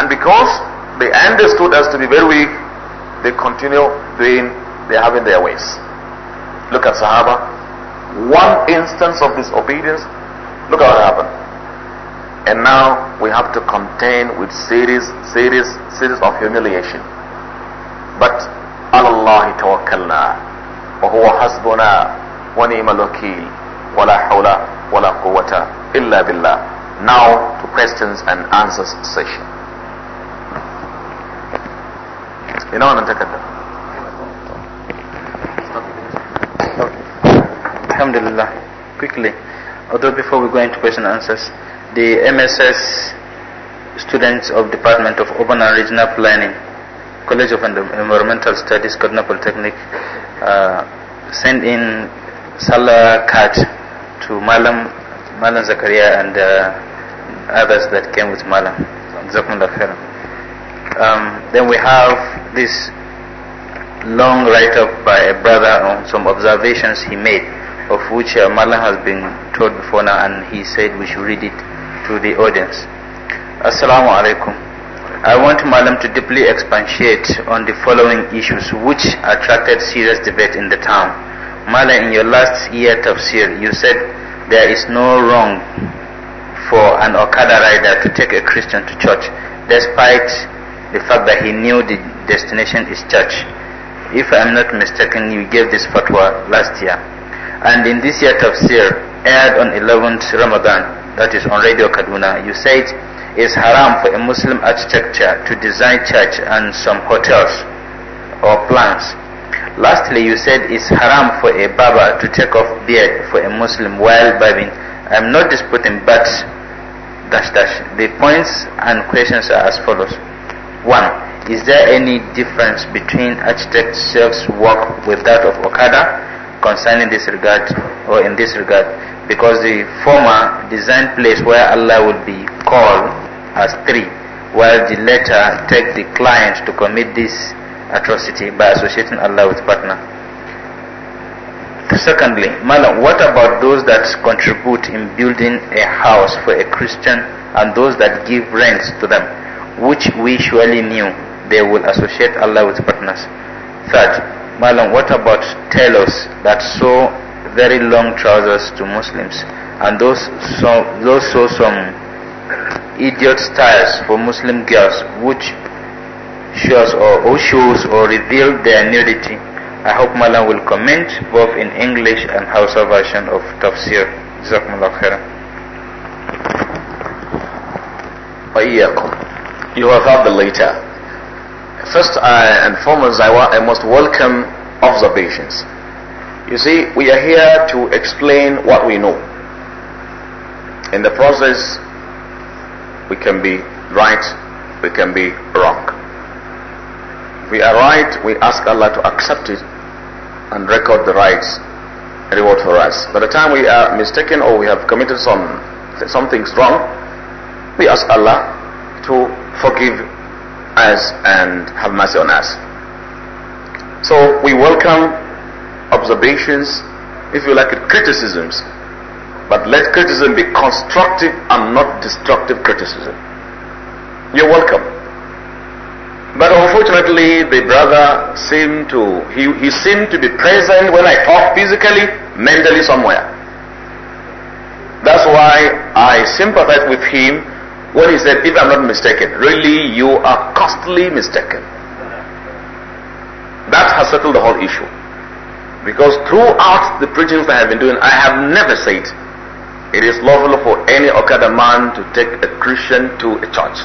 Speaker 1: And because they understood us to be very weak, they continue doing, they're having their ways. Look at Sahaba. One instance of disobedience, look at what happened. And now we have to contend with series, series, series of humiliation. But Allah tawakkalna وهو حسبنا ونعم الوكيل ولا حول ولا قوة illa billah. Now to questions and answers session. Ina
Speaker 3: wannan Alhamdulillah. Quickly, although before we go into question and answers, the MSS students of Department of Urban and Regional Planning, College of Environmental Studies, Kaduna Polytechnic, uh, send in Salah card to Malam Malan Zakaria and uh, others that came with Malan. Um, then we have this long write-up by a brother on some observations he made, of which uh, Malan has been told before now, and he said we should read it to the audience. Assalamu alaikum. I want Malam to deeply expatiate on the following issues which attracted serious debate in the town. Malam, in your last year tafsir, you said there is no wrong for an Okada rider to take a Christian to church despite the fact that he knew the destination is church. If I'm not mistaken, you gave this fatwa last year. And in this year tafsir, aired on 11th Ramadan, that is on Radio Kaduna, you said it's haram for a Muslim architecture to design church and some hotels or plans Lastly, you said it's haram for a barber to take off beard for a Muslim while barbing. I'm not disputing, but dash dash. The points and questions are as follows. One, is there any difference between architect Sheikh's work with that of Okada concerning this regard or in this regard? Because the former design place where Allah would be called as three, while the latter take the client to commit this atrocity by associating Allah with partner. Secondly, Malam, what about those that contribute in building a house for a Christian and those that give rents to them, which we surely knew they will associate Allah with partners? Third, Malam, what about tailors that sew very long trousers to Muslims and those sew, those sew some idiot styles for Muslim girls, which shows or who shows or reveal their nudity. I hope Malam will comment both in English and Hausa version of Tafsir. Jazakumullah khairan.
Speaker 1: You have heard the later. First I and foremost, I, I must welcome observations. You see, we are here to explain what we know. In the process, we can be right, we can be wrong we are right, we ask Allah to accept it and record the rights, reward for us. By the time we are mistaken or we have committed some something wrong, we ask Allah to forgive us and have mercy on us. So we welcome observations, if you like it, criticisms. But let criticism be constructive and not destructive criticism. You're welcome. But unfortunately, the brother seemed to, he, he seemed to be present when I talked physically, mentally somewhere. That's why I sympathize with him when he said, if I'm not mistaken, really you are costly mistaken. That has settled the whole issue. Because throughout the preachings I have been doing, I have never said it is lawful for any Okada man to take a Christian to a church.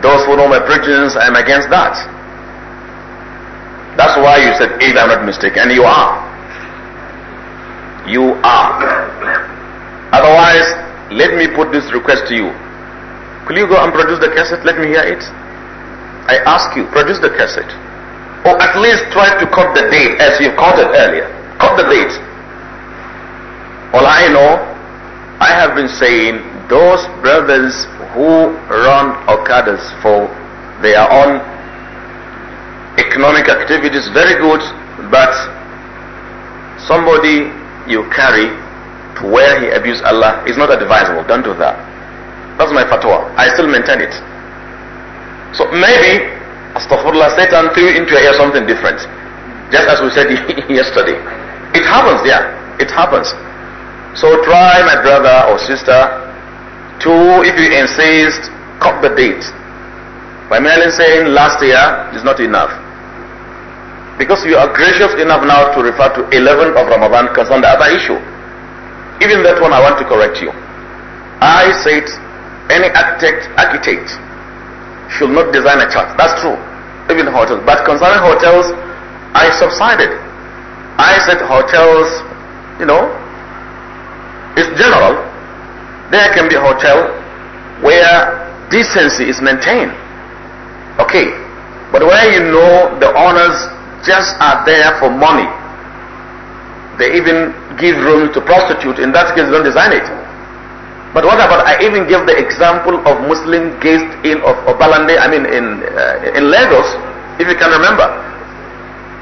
Speaker 1: Those who know my prejudice, I am against that. That's why you said, if I'm not mistaken, and you are. You are. Otherwise, let me put this request to you. Could you go and produce the cassette? Let me hear it. I ask you, produce the cassette. Or at least try to cut the date as you caught it earlier. Cut the date. All I know, I have been saying those brothers who run Okadas for their own economic activities, very good, but somebody you carry to where he abused Allah is not advisable. Don't do that. That's my fatwa. I still maintain it. So maybe, astaghfirullah, Satan threw into your ear something different. Just as we said <laughs> yesterday. It happens, yeah. It happens. So try, my brother or sister, Two, if you insist, cut the date. By merely saying last year is not enough. Because you are gracious enough now to refer to 11th of Ramadan concerning the other issue. Even that one I want to correct you. I said any architect, architect should not design a church. That's true. Even hotels. But concerning hotels, I subsided. I said hotels, you know, it's general there can be a hotel where decency is maintained. Okay. But where you know the owners just are there for money, they even give room to prostitute. In that case, don't design it. But what about I even give the example of Muslim guest in of Obalande, I mean in uh, in Lagos, if you can remember.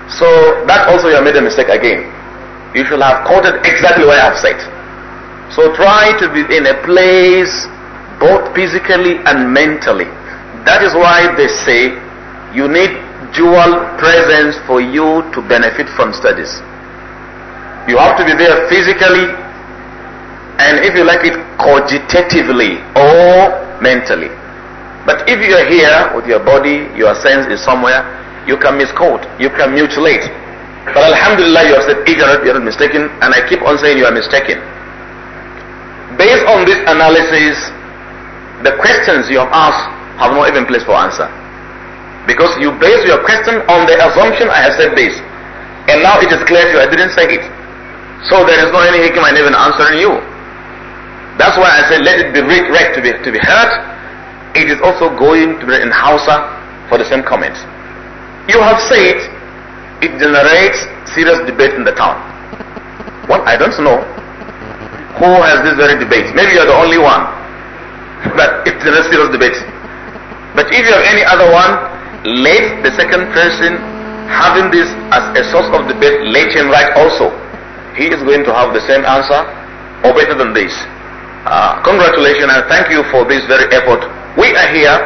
Speaker 1: So that also you have made a mistake again. You should have quoted exactly what I have said. So try to be in a place both physically and mentally. That is why they say you need dual presence for you to benefit from studies. You have to be there physically and if you like it cogitatively
Speaker 2: or
Speaker 1: mentally. But if you are here with your body, your sense is somewhere, you can misquote, you can mutilate. But Alhamdulillah, you have said ignorant, you are mistaken, and I keep on saying you are mistaken. Based on this analysis, the questions you have asked have no even place for answer. Because you base your question on the assumption I have said this. And now it is clear to you I didn't say it. So there is no any hikmah in even answering you. That's why I said let it be read, to, be, to be heard. It is also going to be in Hausa for the same comment. You have said it generates serious debate in the town. Well, I don't know who has this very debate. Maybe you are the only one, but <laughs> it's a serious debate. But if you have any other one, let the second person having this as a source of debate, let him write also. He is going to have the same answer or better than this. Uh, congratulations and thank you for this very effort. We are here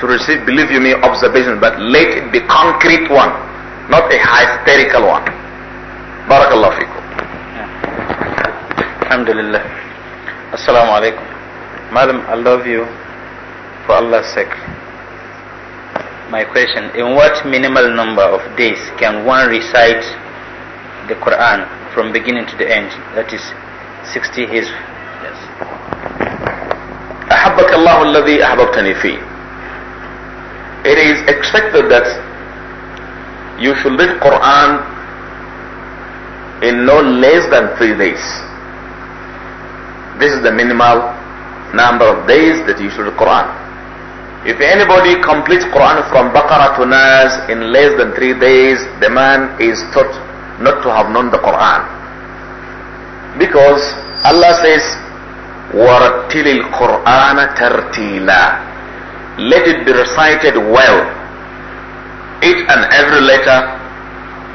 Speaker 1: to receive, believe you me, observations, but let it be concrete one, not a hysterical one. Barakallahu fikum.
Speaker 3: Alhamdulillah. Assalamu alaikum. Madam, I love you for Allah's sake. My question In what minimal number of days can one recite the Quran from beginning to the end? That is 60 his. Yes.
Speaker 1: أحبك الله الذي أحببتني فيه. It is expected that you should read Quran in no less than three days. This is the minimal number of days that you should read Quran. If anybody completes Quran from Baqarah to Nas in less than three days, the man is thought not to have known the Quran. Because Allah says, وَرَتِّلِ الْقُرْآنَ تَرْتِيلًا Let it be recited well. Each and every letter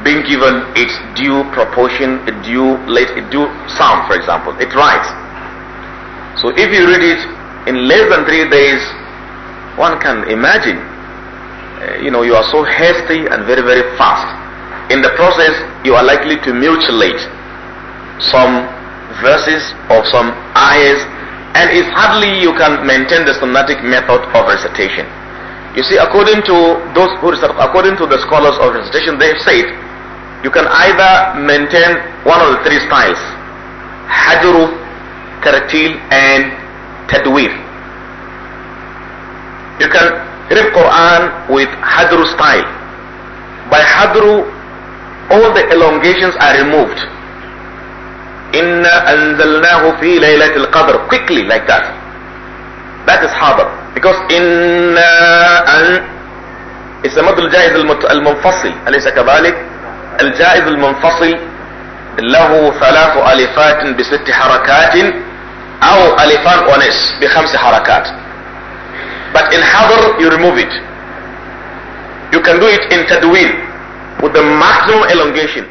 Speaker 1: being given its due proportion, a due, let, a due sound, for example. It writes. So if you read it in less than three days, one can imagine, uh, you know, you are so hasty and very, very fast. In the process, you are likely to mutilate some verses or some ayahs, and it's hardly you can maintain the sunnatic method of recitation. You see, according to those who according to the scholars of recitation, they have said you can either maintain one of the three styles, hajru ترتيل and تدوير You can read Quran with hadru style. By hadru, all the elongations are removed. Inna anzalnahu fi laylatil qadr. Quickly like that. That is hadr. Because inna an it's the model jaiz al-munfasil. أليس كذلك؟ الجائز المنفصل له ثلاث ألفات بست حركات أو ألفان ونس بخمس حركات but in حضر you remove it you can do it in تدوين with the maximum elongation